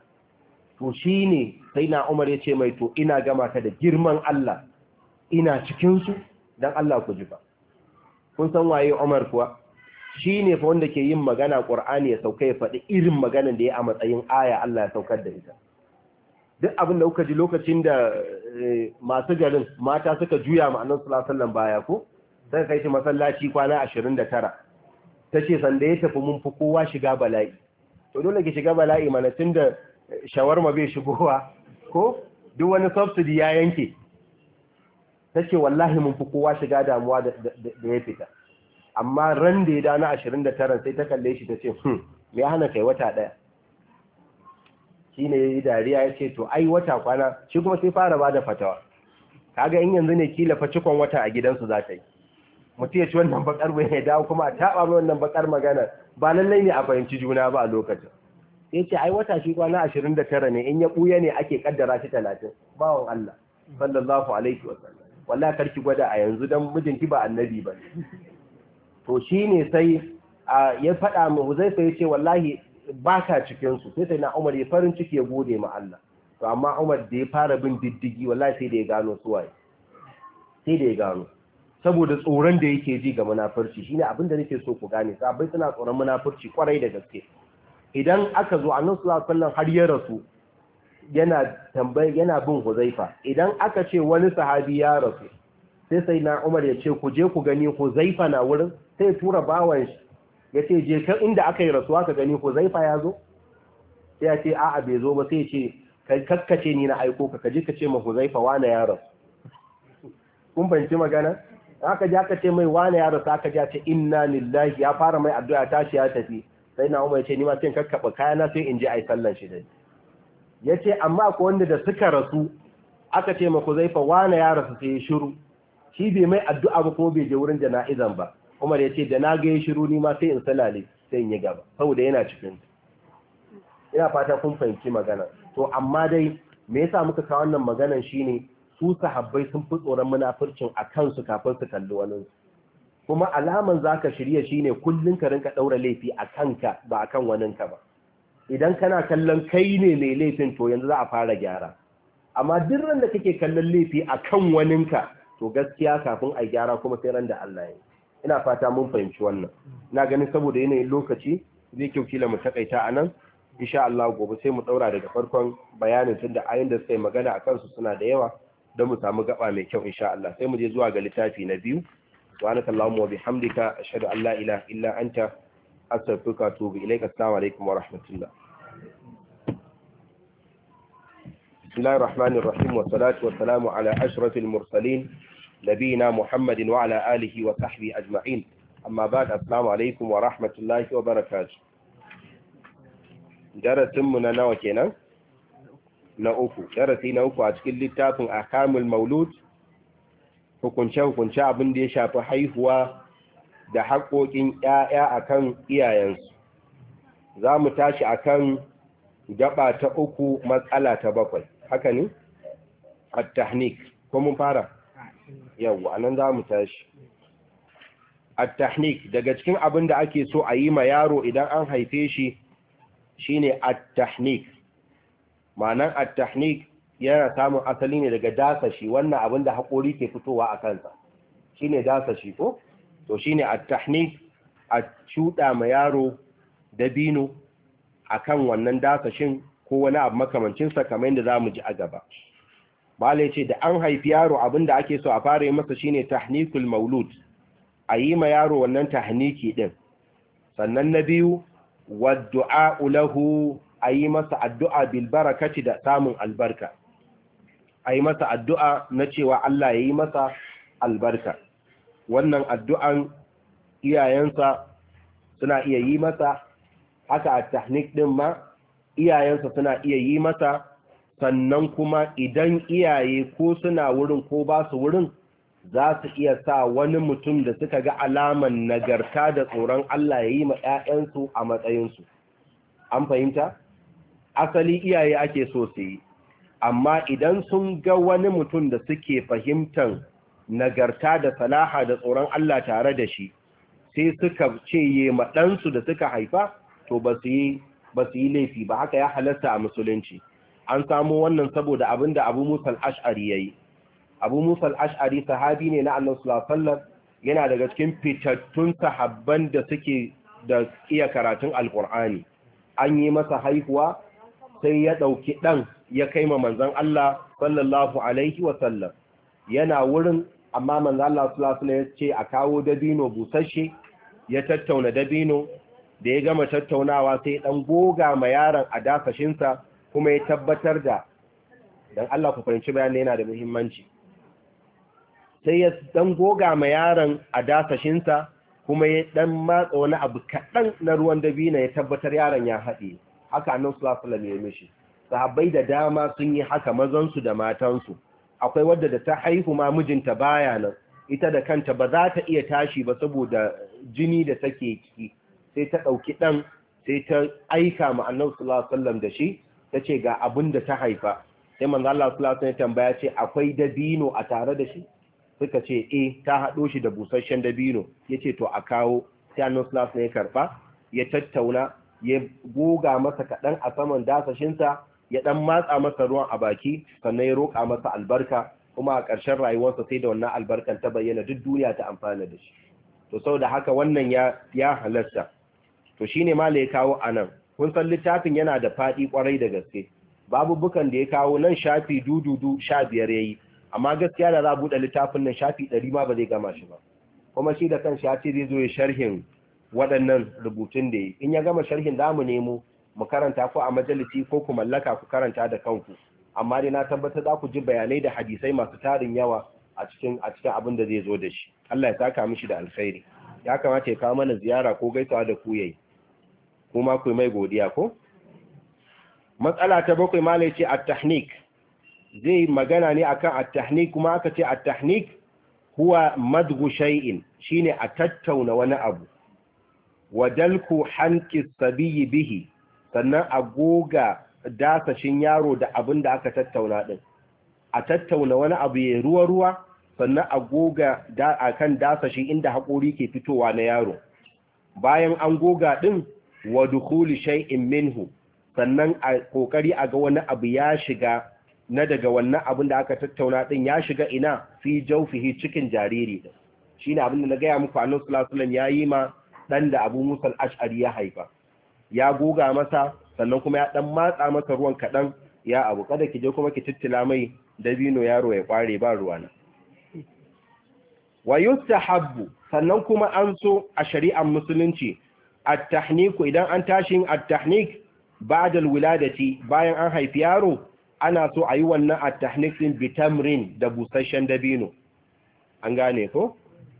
to shi ne sai na umar ya ce mai to ina gama ta da girman Allah ina cikinsu don Allah ku ji ba kun san waye umar kuwa shi ne fa wanda ke yin magana ƙur'ani ya sauka ya faɗi irin maganan da ya a matsayin aya Allah ya saukar da ita duk abin da kuka ji lokacin da eh, masu garin mata suka juya ma annabi sallallahu baya ko sai kai shi masallaci kwana 29 tace sanda ya tafi mun fi kowa shiga bala'i to dole ki shiga bala'i mana tun da. shawarma bai shigowa ko duk wani subsidy ya yanke ta ce wallahi mun fi kowa shiga damuwa da ya fita amma ran da ya dana 29 sai ta kalle shi ta ce hmm me hana kai wata daya shi ne yi dariya ya ce to ai wata kwana shi kuma sai fara bada da fatawa kaga in yanzu ne kila fa cikon wata a gidansu za ta yi mutum ya ci wannan bakar bai ya dawo kuma a taɓa mai wannan bakar magana ba lallai ne a fahimci juna ba a lokacin sai ce ai wata shi kwana tara ne in ya ɓuya ne ake kaddara shi talatin. Bawan Allah sallallahu alaihi wa sallam wallahi karki gwada a yanzu dan mijinki ba annabi ba to shi ne sai ya faɗa mu Huzaifa ce wallahi baka cikin su sai sai na Umar ya farin ciki ya gode ma Allah to amma Umar da ya fara bin diddigi wallahi sai da ya gano su waye sai da ya gano saboda tsoron da yake ji ga munafurci shine abin da nake so ku gane sabai suna tsoron munafurci kwarai da gaske idan aka zo annabi sallallahu alaihi wasallam har ya rasu yana tambayi yana bin Huzaifa idan aka ce wani sahabi ya rasu sai sai na Umar ya ce ku je ku gani Huzaifa na wurin sai tura bawan shi ya ce je kan inda aka yi rasuwa ka gani Huzaifa ya zo sai ya ce a'a bai zo ba sai ya ce kakkace ni na aiko ka kaji ka ce ma Huzaifa wani ya rasu kun banci magana aka ji aka ce mai wani ya rasu aka ji ce inna lillahi ya fara mai addu'a tashi ya tafi sai na umar ce nima sai kakkaɓa kayana sai in je a yi sallan shi dai ya ce amma ko wanda da suka rasu aka ce ma fa wane ya rasu sai ya shiru shi bai mai addu'a ba ko bai je wurin jana'izan ba Umar ya ce da na ga ya shiru ni sai in salale sai in yi gaba saboda yana cikin ina fata kun fahimci magana to amma dai me yasa muka kawo wannan maganan shine su sahabbai sun fi tsoron munafurcin a kansu kafin su kalli wani kuma alaman zaka shirya shine kullun ka rinka ɗaura laifi a kanka ba kan waninka ba idan kana kallon kai ne mai laifin to yanzu za a fara gyara amma duk ran da kake kallon laifi a kan waninka to gaskiya kafin a gyara kuma sai ran da Allah ya ina fata mun fahimci wannan ina ganin saboda yanayin lokaci zai kyau kila mu takaita anan insha Allah gobe sai mu daura daga farkon bayanin tunda ayin da suka magana akan su suna da yawa don mu samu gaba mai kyau insha Allah sai mu je zuwa ga littafi na biyu سبحانك اللهم وبحمدك أشهد أن لا إله إلا أنت أستغفرك وأتوب إليك السلام عليكم ورحمة الله بسم الله الرحمن الرحيم والصلاة والسلام على أشرف المرسلين نبينا محمد وعلى آله وصحبه أجمعين أما بعد السلام عليكم ورحمة الله وبركاته درس درسنا نوكينا نوكو درسي نوكو na لتاكم a المولود hukunce-hukunce abin da ya shafi haihuwa da haƙoƙin ‘ya'ya akan iyayensu za mu tashi a kan gaba ta uku matsala ta bakwai haka ne? a tahnik ko mun fara? yau anan za mu tashi a tahnik daga cikin abin da ake so a yi ma yaro idan an haife shi shine a tahnik ma'anan a tahnik yana samun asali ne daga dasashi wannan abin da haƙori ke fitowa a kansa Shi ne dasashi ko to shi ne a tahnik a cuɗa ma yaro a kan wannan dasashin ko wani abu makamancin kamar yadda mu ji a gaba Bala ce da an haifi yaro abin da ake so a fara yi masa shi shine tahnikul maulud a yi ma yaro wannan tahniki din sannan na biyu waddu'a ulahu a yi masa addu'a bil da samun albarka a yi masa addu'a na cewa Allah ya yi masa albarka wannan addu'an iyayensa suna iya yi masa haka a tahnik ɗin ma iyayensa suna iya yi masa sannan kuma idan iyaye ko suna wurin ko ba su wurin za su iya sa wani mutum da suka ga alaman nagarta da tsoron Allah ya yi ma ‘ya'yansu a matsayinsu. An fahimta? Asali iyaye ake so su yi, amma idan sun ga wani mutum da suke fahimtar nagarta da salaha da tsoron Allah tare da shi sai suka ce ye maɗansu da suka haifa to ba su yi laifi ba haka ya halarta a musulunci an samo wannan saboda abin da abu musal ash'ari ya yi abu musal ash'ari sahabi ne na annan sulasallar yana daga cikin fitattun sahabban da suke da iya karatun alkur'ani an yi masa haihuwa sai ya ɗauki ɗan ya kai ma manzon Allah sallallahu alaihi wa sallam yana wurin amma manzon Allah sallallahu alaihi ya ce a kawo dabino busasshe ya tattauna dabino da ya gama tattaunawa sai dan goga ma yaron a dasashinsa kuma ya tabbatar da dan Allah ku fahimci yana da muhimmanci sai ya dan goga ma yaron a dasashinsa kuma ya dan matsa wani abu kaɗan na ruwan dabino ya tabbatar yaron ya haɗe haka annan sulasula ya mishi sahabbai da dama sun yi haka mazansu da matansu akwai wadda da ta haihu ma mijinta baya nan ita da kanta ba za ta iya tashi ba saboda jini da take ciki sai ta ɗauki ɗan sai ta aika ma annabi sallallahu alaihi wasallam da shi ta ce ga abin da ta haifa sai manzo Allah sallallahu alaihi wasallam tambaya ce akwai dabino a tare da shi suka ce eh ta hado shi da busasshen dabino yace to a kawo sai annabi sallallahu alaihi wasallam ya karfa ya tattauna ya goga masa kaɗan a saman dasashinsa ya dan matsa masa ruwan a baki sannan ya roƙa masa albarka kuma a ƙarshen rayuwarsa sai da wannan albarkan ta bayyana duk duniya ta amfana da shi to saboda haka wannan ya halarta, halatta to shine ma ya kawo anan kun san littafin yana da faɗi kwarai da gaske Babu bukan da ya kawo nan shafi dududu sha biyar yayi amma gaskiya da za buɗe littafin nan shafi ɗari ma ba zai gama shi ba kuma shi da kan shi ya ce zai zo ya sharhin waɗannan rubutun da yi in ya gama sharhin za mu nemo mu karanta ko a majalisi ko ku mallaka ku karanta da kanku amma dai na tabbatar za ku ji bayanai da hadisai masu tarin yawa a cikin a cikin abin da zai zo da shi Allah ya saka mishi da alkhairi ya kamata ya kawo mana ziyara ko gaisawa da ku yayi kuma ku mai godiya ko matsala ta bakwai mala ce at-tahnik zai magana ne akan at-tahnik kuma aka ce at-tahnik huwa madgu shay'in shine a tattauna wani abu wa dalku hanqi sabiyi bihi sannan a goga dasashin yaro da abin da aka tattauna ɗin a tattauna wani abu ya ruwa ruwa sannan a goga a kan dasashi inda haƙori ke fitowa na yaro bayan an goga ɗin wa shai in minhu sannan a kokari a ga wani abu ya shiga na daga wannan abin da aka tattauna ɗin ya shiga ina fi jawfihi cikin jariri shi ne abin da na gaya muku a nan sulasulan ya yi ma ɗan da Abu Musa ashari ya haifa ya guga masa sannan kuma ya dan matsa masa ruwan kaɗan ya abu kada ki je kuma ki tittila mai dabino yaro ya kware ba ruwa na. wa yustahabbu sannan kuma an so a shari'ar musulunci at-tahniku idan an tashi at-tahnik ba'da al-wiladati bayan an haifi yaro ana so ayi wannan at-tahnik din bitamrin da busasshen dabino an gane ko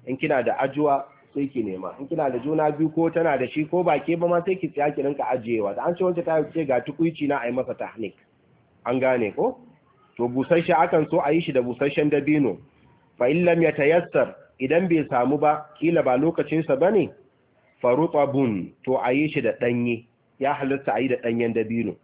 in kina da ajuwa sai ki nema in kina da juna biyu ko tana da shi ko ba ke ba ma sai ki tsaya ki rinka ajiyewa da an ce wancan ta ce ga tukuici na ai masa tahnik an gane ko to busasshe akan so a yi shi da busasshen dabino fa in yatayassar idan bai samu ba kila ba lokacin sa bane farutabun to a yi shi da danye ya halatta a yi da danyen dabino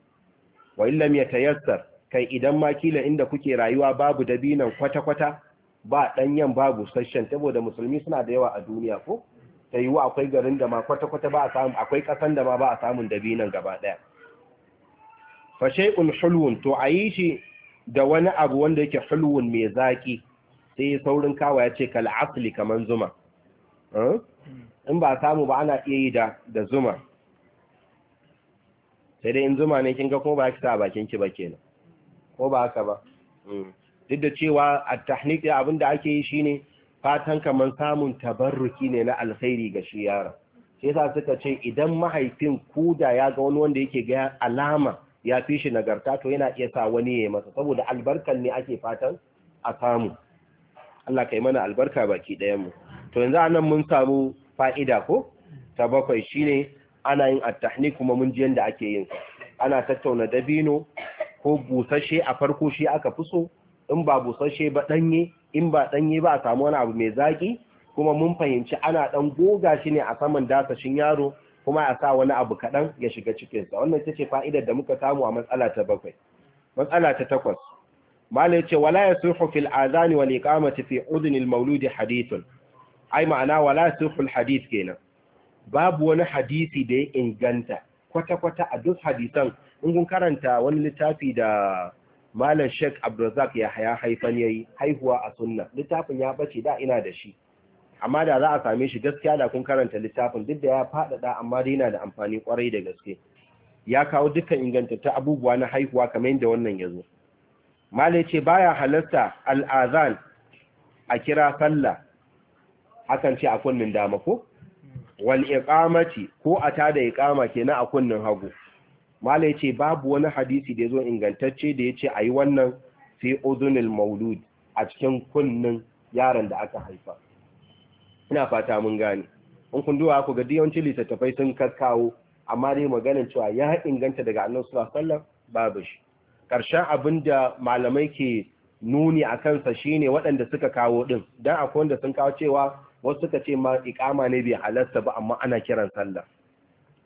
wa in yatayassar kai idan ma kila inda kuke rayuwa babu dabinon kwata-kwata ba ɗanyen ba busasshen saboda musulmi suna da yawa a duniya ko ta yiwu akwai garin da ma kwata-kwata ba a samu akwai ƙasan da ma ba a samun dabinan gaba ɗaya fa shay'un hulwun to a yi shi da wani abu wanda yake hulwun mai zaki sai saurin kawa ya ce kala asali kaman zuma hmm? in ba samu ba ana iya yi da zuma sai dai in zuma ne kin ga ko ba ki sa bakin ki ba kenan ko ba haka ba hmm. duk da cewa a tahniq abin da ake yi shi ne fatan kamar samun tabarruki ne na alkhairi ga shi yaron sai sa suka ce idan mahaifin kuda ya ga wani wanda yake gaya alama ya fi shi nagarta to yana iya sa wani ya masa saboda albarkar ne ake fatan a samu Allah kai mana albarka baki ɗayan mu to yanzu anan mun samu fa'ida ko ta bakwai shine ana yin attahni kuma mun ji yadda ake yin sa ana tattauna dabino ko busashe a farko shi aka fi so in ba busasshe ba danye in ba danye ba a samu wani abu mai zaƙi, kuma mun fahimci ana ɗan goga shi ne a saman dasashin yaro kuma a sa wani abu kaɗan ya shiga cikinsa wannan ita ce fa'idar da muka samu a matsala ta bakwai matsala ta takwas malai ce wala ya sulhu fil azani wal iqamati fi udnil mauludi hadithun ai ma'ana wala ya sulhul hadith kenan babu wani hadisi da ya inganta kwata-kwata a duk hadisan in kun karanta wani littafi da malam Sheikh Abdulrazak ya haya haifan yayi haihuwa a sunna littafin ya bace da ina da shi amma da za a same shi gaskiya da kun karanta littafin duk da ya faɗaɗa amma dai yana da amfani kwarai da gaske ya kawo dukkan ingantattun abubuwa na haihuwa kamar yadda wannan ya zo ya ce baya halarta al'azan a kira sallah akan ce a kunnin dama ko wal iqamati ko a tada iqama kenan a kunnin hagu mala ce babu wani hadisi da ya zo ingantacce da ya yace ayi wannan fi udunil maulud a cikin kunnin yaran da aka haifa ina fata mun gane in kun duwa ku ga yawancin littattafai sun kakkawo amma dai maganin cewa ya inganta daga annabi sallallahu alaihi babu shi karshen abin da malamai ke nuni a kansa shi ne waɗanda suka kawo din dan akwai wanda sun kawo cewa wasu suka ce ma ikama ne bai halarta ba amma ana kiran sallah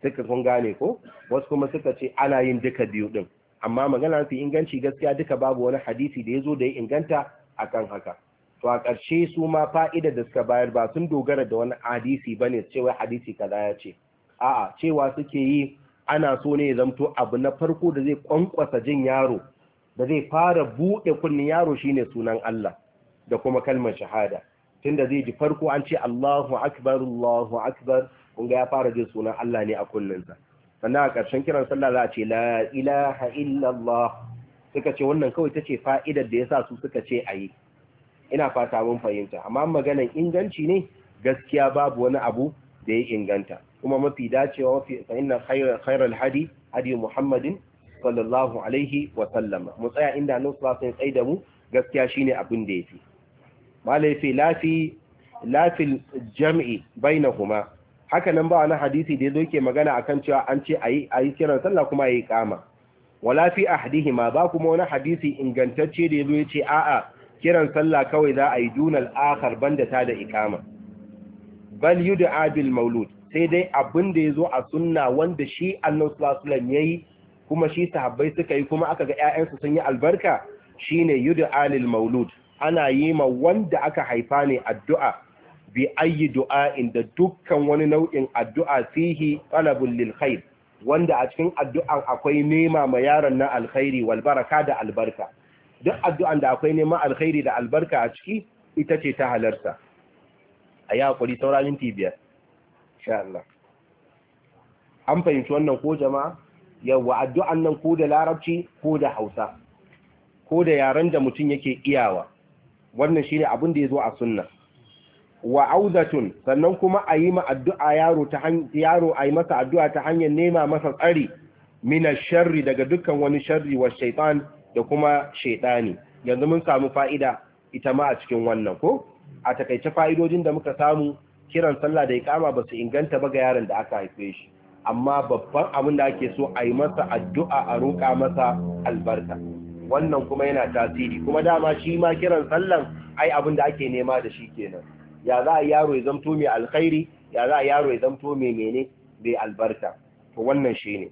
Suka kun gane ko wasu kuma suka ce ana yin duka biyu din amma magana fi inganci gaskiya duka babu wani hadisi da ya zo da ya inganta a kan haka to a ƙarshe su ma fa'ida da suka bayar ba sun dogara da wani hadisi ba ne cewa hadisi kaza ya ce a'a cewa suke yi ana so ne ya zamto abu na farko da zai kwankwasa jin yaro da zai fara buɗe kunnen yaro shine sunan Allah da kuma kalmar shahada tunda zai ji farko an ce Allahu akbar Allahu akbar Kunga ya fara jin sunan Allah ne a kullunsa sannan a ƙarshen kiran sallah za a ce la ilaha illallah suka ce wannan kawai ta ce fa'idar da ya sa su suka ce a yi ina fata mun fahimta amma maganan inganci ne gaskiya babu wani abu da ya inganta kuma mafi dacewa mafi fa'inna khairar hadi hadi muhammadin sallallahu alaihi wa sallama mu tsaya inda annabi sallallahu tsaye da mu gaskiya shine abin da yafi malai fi lafi lafil jam'i bainahuma haka nan ba wani hadisi da yazo yake magana akan cewa an ce ayi ayi kiran sallah kuma ayi kama wala fi ahdihima ba kuma wani hadisi ingantacce da yazo yace a'a kiran sallah kawai za a yi dunal akhar banda ta da ikama bal yud'a bil maulud sai dai abin da yazo a sunna wanda shi Annabi sallallahu alaihi wasallam yayi kuma shi sahabbai suka yi kuma aka ga su sun yi albarka shine yud'a lil maulud ana yi ma wanda aka haifa ne addu'a bi ayyi du'a inda dukkan wani nau'in addu'a fihi talabul lil khair wanda a cikin addu'an akwai nema ma yaron na alkhairi wal baraka da albarka duk addu'an da akwai nema alkhairi da albarka a ciki ita ce ta halarta a yi hakuri saura minti biyar insha Allah an fahimci wannan ko jama'a yawa addu'an nan ko da larabci ko da hausa ko da yaren da mutum yake iyawa wannan shine abin da ya zo a sunna wa audatun sannan kuma a yi ma addu'a yaro ta yaro a yi masa addu'a ta hanyar nema masa tsari mina sharri daga dukkan wani sharri wa shaitan da kuma shaitani yanzu mun samu fa'ida ita ma a cikin wannan ko a takaice fa'idojin da muka samu kiran sallah da iqama ba su inganta ba ga yaron da aka haife shi amma babban abin da ake so a yi masa addu'a a roƙa masa albarka wannan kuma yana tasiri kuma dama shi ma kiran sallan ai abin da ake nema da shi kenan ya za a yaro ya zamto mai alkhairi ya za a yaro ya zamto mai mene bai albarta? to wannan shi ne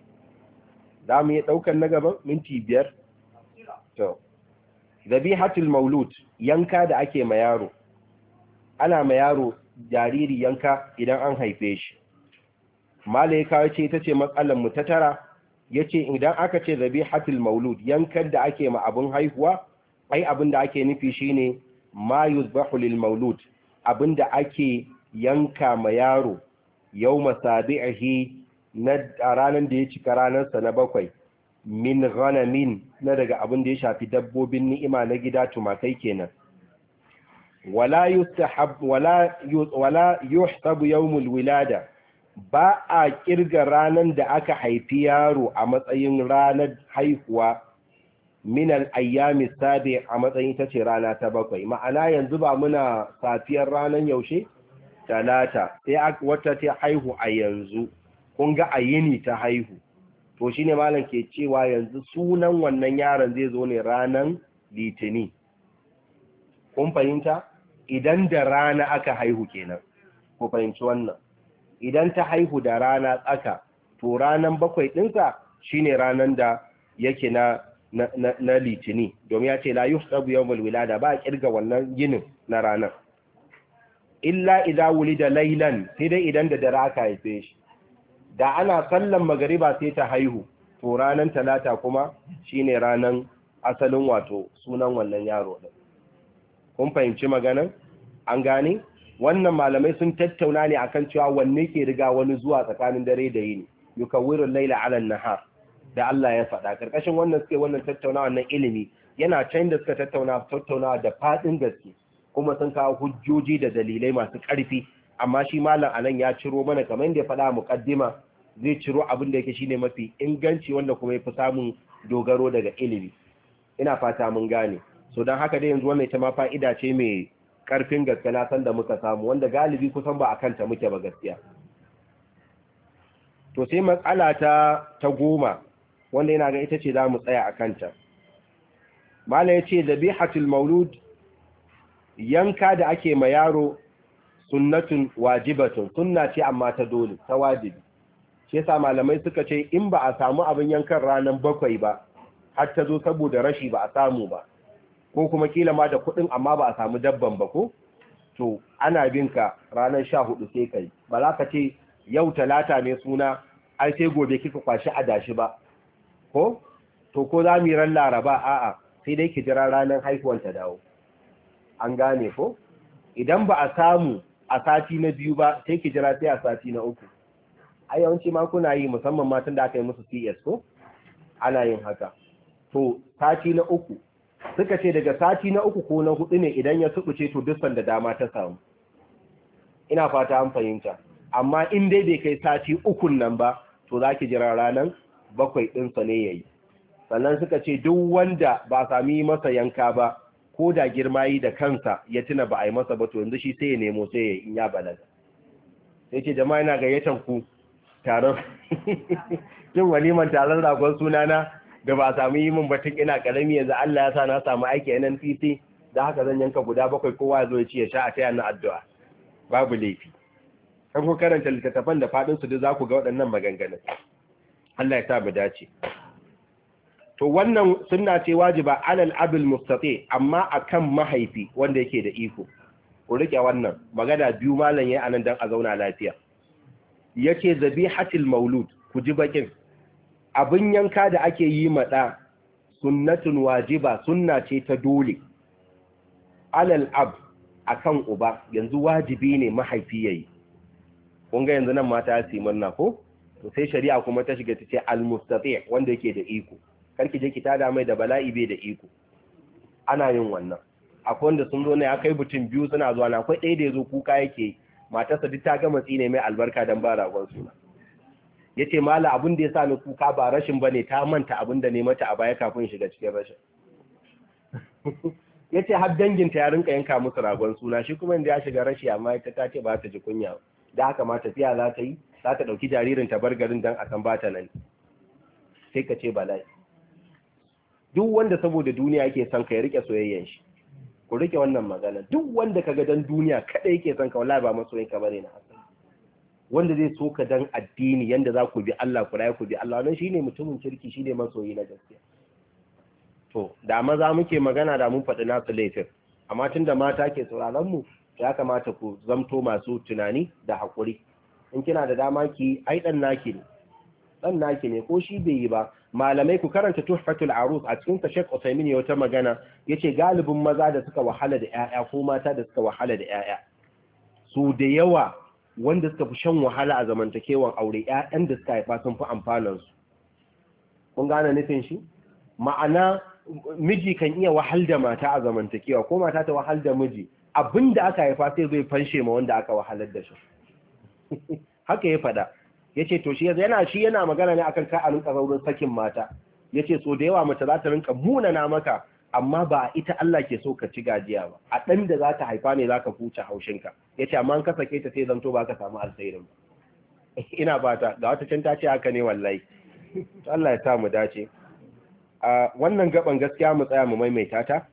za mu yi ɗaukan na gaban minti biyar to zabihatul maulud yanka da ake ma yaro ana ma yaro jariri yanka idan an haife shi malaika ce ta ce matsalar mu ta tara Ya ce idan aka ce zabihatul maulud yanka da ake ma abin haihuwa ai abin da ake nufi shine ma yuzbahu lil maulud abinda ake yanka ma yaro yau masabi'ahi na ranar da ya cika ranarsa na bakwai min ghanamin na daga abin da ya shafi dabbobin ni'ima na gida tumakai kenan wala yustahab wala wala yuhsabu yawmul wilada ba a kirga ranar da aka haifi yaro a matsayin ranar haihuwa minal ayyami sabi a matsayin ta ce rana ta bakwai ma'ana yanzu ba muna safiyar ranar yaushe talata sai wata ta haihu a yanzu kun ga a yini ta haihu to shi ne malam ke cewa yanzu sunan wannan yaron zai zo ne ranan litini kun fahimta idan da rana aka haihu kenan ku fahimci wannan idan ta haihu da rana tsaka to ranan bakwai ɗinsa shine ranan da yake na na litini domin ya ce la da yawmul wilada ba a kirga wannan ginin na ranar illa wuli wulida laylan sai dai idan da dare aka haife shi da ana sallan magariba sai ta haihu to ranar talata kuma shine ranar asalin wato sunan wannan yaro din kun fahimci maganan an gane wannan malamai sun tattauna ne akan cewa wanne ke riga wani zuwa tsakanin dare da yini yukawwirul layla 'ala nahar da Allah ya faɗa ƙarƙashin wannan suke wannan tattaunawa na ilimi yana can da suka tattauna tattaunawa da faɗin gaske kuma sun kawo hujjoji da dalilai masu ƙarfi amma shi malam anan ya ciro mana kamar da ya faɗa muƙaddima zai ciro abin da yake shine mafi inganci wanda kuma yafi samun dogaro daga ilimi ina fata mun gane so dan haka dai yanzu wannan ita ma fa'ida ce mai ƙarfin gaske na san da muka samu wanda galibi kusan ba akan ta muke ba gaskiya to sai matsala ta ta goma wanda yana ga ita ce za mu tsaya a kanta mala ya ce zabihatul maulud yanka da ake ma yaro sunnatun wajibatun sunna ce amma ta dole ta wajibi shi yasa malamai suka ce in ba a samu abin yankan ranar bakwai ba har ta zo saboda rashi ba a samu ba ko kuma kila ma da kuɗin amma ba a samu dabban ba ko to ana bin ka ranar sha hudu sai kai ba za ka ce yau talata ne suna ai sai gobe kika kwashi adashi ba ko to ko za mu yi ran laraba a'a sai dai ki jira ranar haihuwar ta dawo an gane ko idan ba a samu a sati na biyu ba sai ki jira sai a sati na uku ai yawanci ma kuna yi musamman matan da aka yi musu CS ko ana yin haka to sati na uku suka ce daga sati na uku ko na hudu ne idan ya tsubuce to duk da dama ta samu ina fata an fahimta amma in dai bai kai sati ukun nan ba to zaki jira ranan bakwai ɗinsa ne ya yi sannan suka ce duk wanda ba sami masa yanka ba ko da girma yi da kansa ya tuna ba a yi masa ba to yanzu shi sai ya nemo sai ya in ya balaga sai ce jama'a yana gayyatan ku taron yin waliman taron ragon sunana da ba sami yi min batun ina karami yanzu Allah ya sa na samu aiki a NNPC da haka zan yanka guda bakwai kowa zo ya ci ya sha a taya na addu'a babu laifi kan ku karanta littattafan da faɗinsu su duk za ku ga waɗannan maganganun Allah ya sa mu dace to wannan sunna ce wajiba alal abul mustati amma akan mahaifi wanda yake da iko ku rike wannan magana biyu malam yayi anan dan a zauna lafiya yace zabihatil maulud ku ji bakin abin yanka da ake yi mada sunnatun wajiba sunna ce ta dole alal ab akan uba yanzu wajibi ne mahaifi yayi kun ga yanzu nan mata su yi murna ko to sai shari'a kuma ta shiga ta ce al-mustati' wanda yake da iko karki je ki tada mai da bala'i bai da iko ana yin wannan akwai wanda sun zo ne akai mutum biyu suna zuwa na akwai ɗaya da ya kuka yake matarsa duk ta gama tsine mai albarka dan ba ragon suna yace mala abin da ya ni kuka ba rashin bane ta manta abin da ne mata a baya kafin shiga cikin rashin yace har danginta ya rinka yanka musu ragon suna shi kuma inda ya shiga rashi amma ita ta ce ba ta ji kunya da haka ma tafiya za ta yi za ta ɗauki jaririn ta bar garin don a san ba ta nan sai ka ce bala'i duk wanda saboda duniya yake son ka ya rike soyayyen shi ku rike wannan magana duk wanda ka gadon duniya kada yake son ka wallahi ba yin ka bane na hasan wanda zai so ka dan addini yanda za ku bi Allah ku rayu ku bi Allah wannan shine mutumin kirki shine masoyi na gaskiya to da maza muke magana da mun faɗi nasu laifin amma tunda mata ke sauraron mu ya kamata ku zamto masu tunani da haƙuri in kina da dama ki ai dan naki ne dan naki ne ko shi bai yi ba malamai ku karanta tuhfatul arus a cikin ta Sheikh Uthaymeen ya wata magana yace galibin maza da suka wahala da ƴaƴa ko mata da suka wahala da ƴaƴa su da yawa wanda suka fi shan wahala a zamantakewan aure ƴaƴan da suka haifa sun fi amfanan su kun gane nufin shi ma'ana miji kan iya wahal da mata a zamantakewa ko mata ta wahal da miji abinda aka haifa sai zai fanshe ma wanda aka wahalar da shi haka ya faɗa ce to shi yana shi yana magana ne akan ka a rinka saurin sakin mata yace so da yawa mace za ta rinka munana maka amma ba ita Allah ke so ka ci gajiya ba a ɗan da za ta haifa ne za ka huce haushinka ya ce amma ka sake ta sai zanto ba ka samu alsairin ba ina ta ga wata can ta ce haka ne wallahi to Allah ya sa mu dace wannan gaban gaskiya mu tsaya mu maimaita ta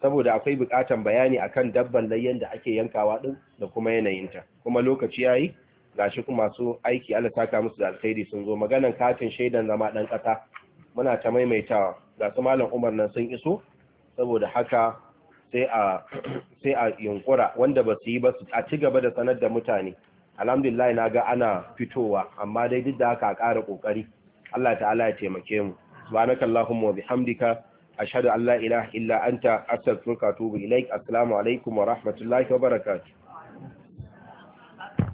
saboda akwai bukatan bayani akan dabban layyan da ake yankawa din da kuma yanayin ta. kuma lokaci yayi gashi kuma su aiki Allah saka musu da alkhairi sun zo maganan katin shaidan zama dan kasa muna ta maimaitawa ga su malam Umar nan sun iso saboda haka sai a sai a yunkura wanda ba su yi ba su a ci gaba da sanar da mutane alhamdulillah na ga ana fitowa amma dai duk da haka a ƙara ƙoƙari Allah ta'ala ya taimake mu subhanakallahumma wa bihamdika ashhadu an la ilaha illa anta astaghfiruka wa atubu ilaik assalamu alaikum wa rahmatullahi wa barakatuh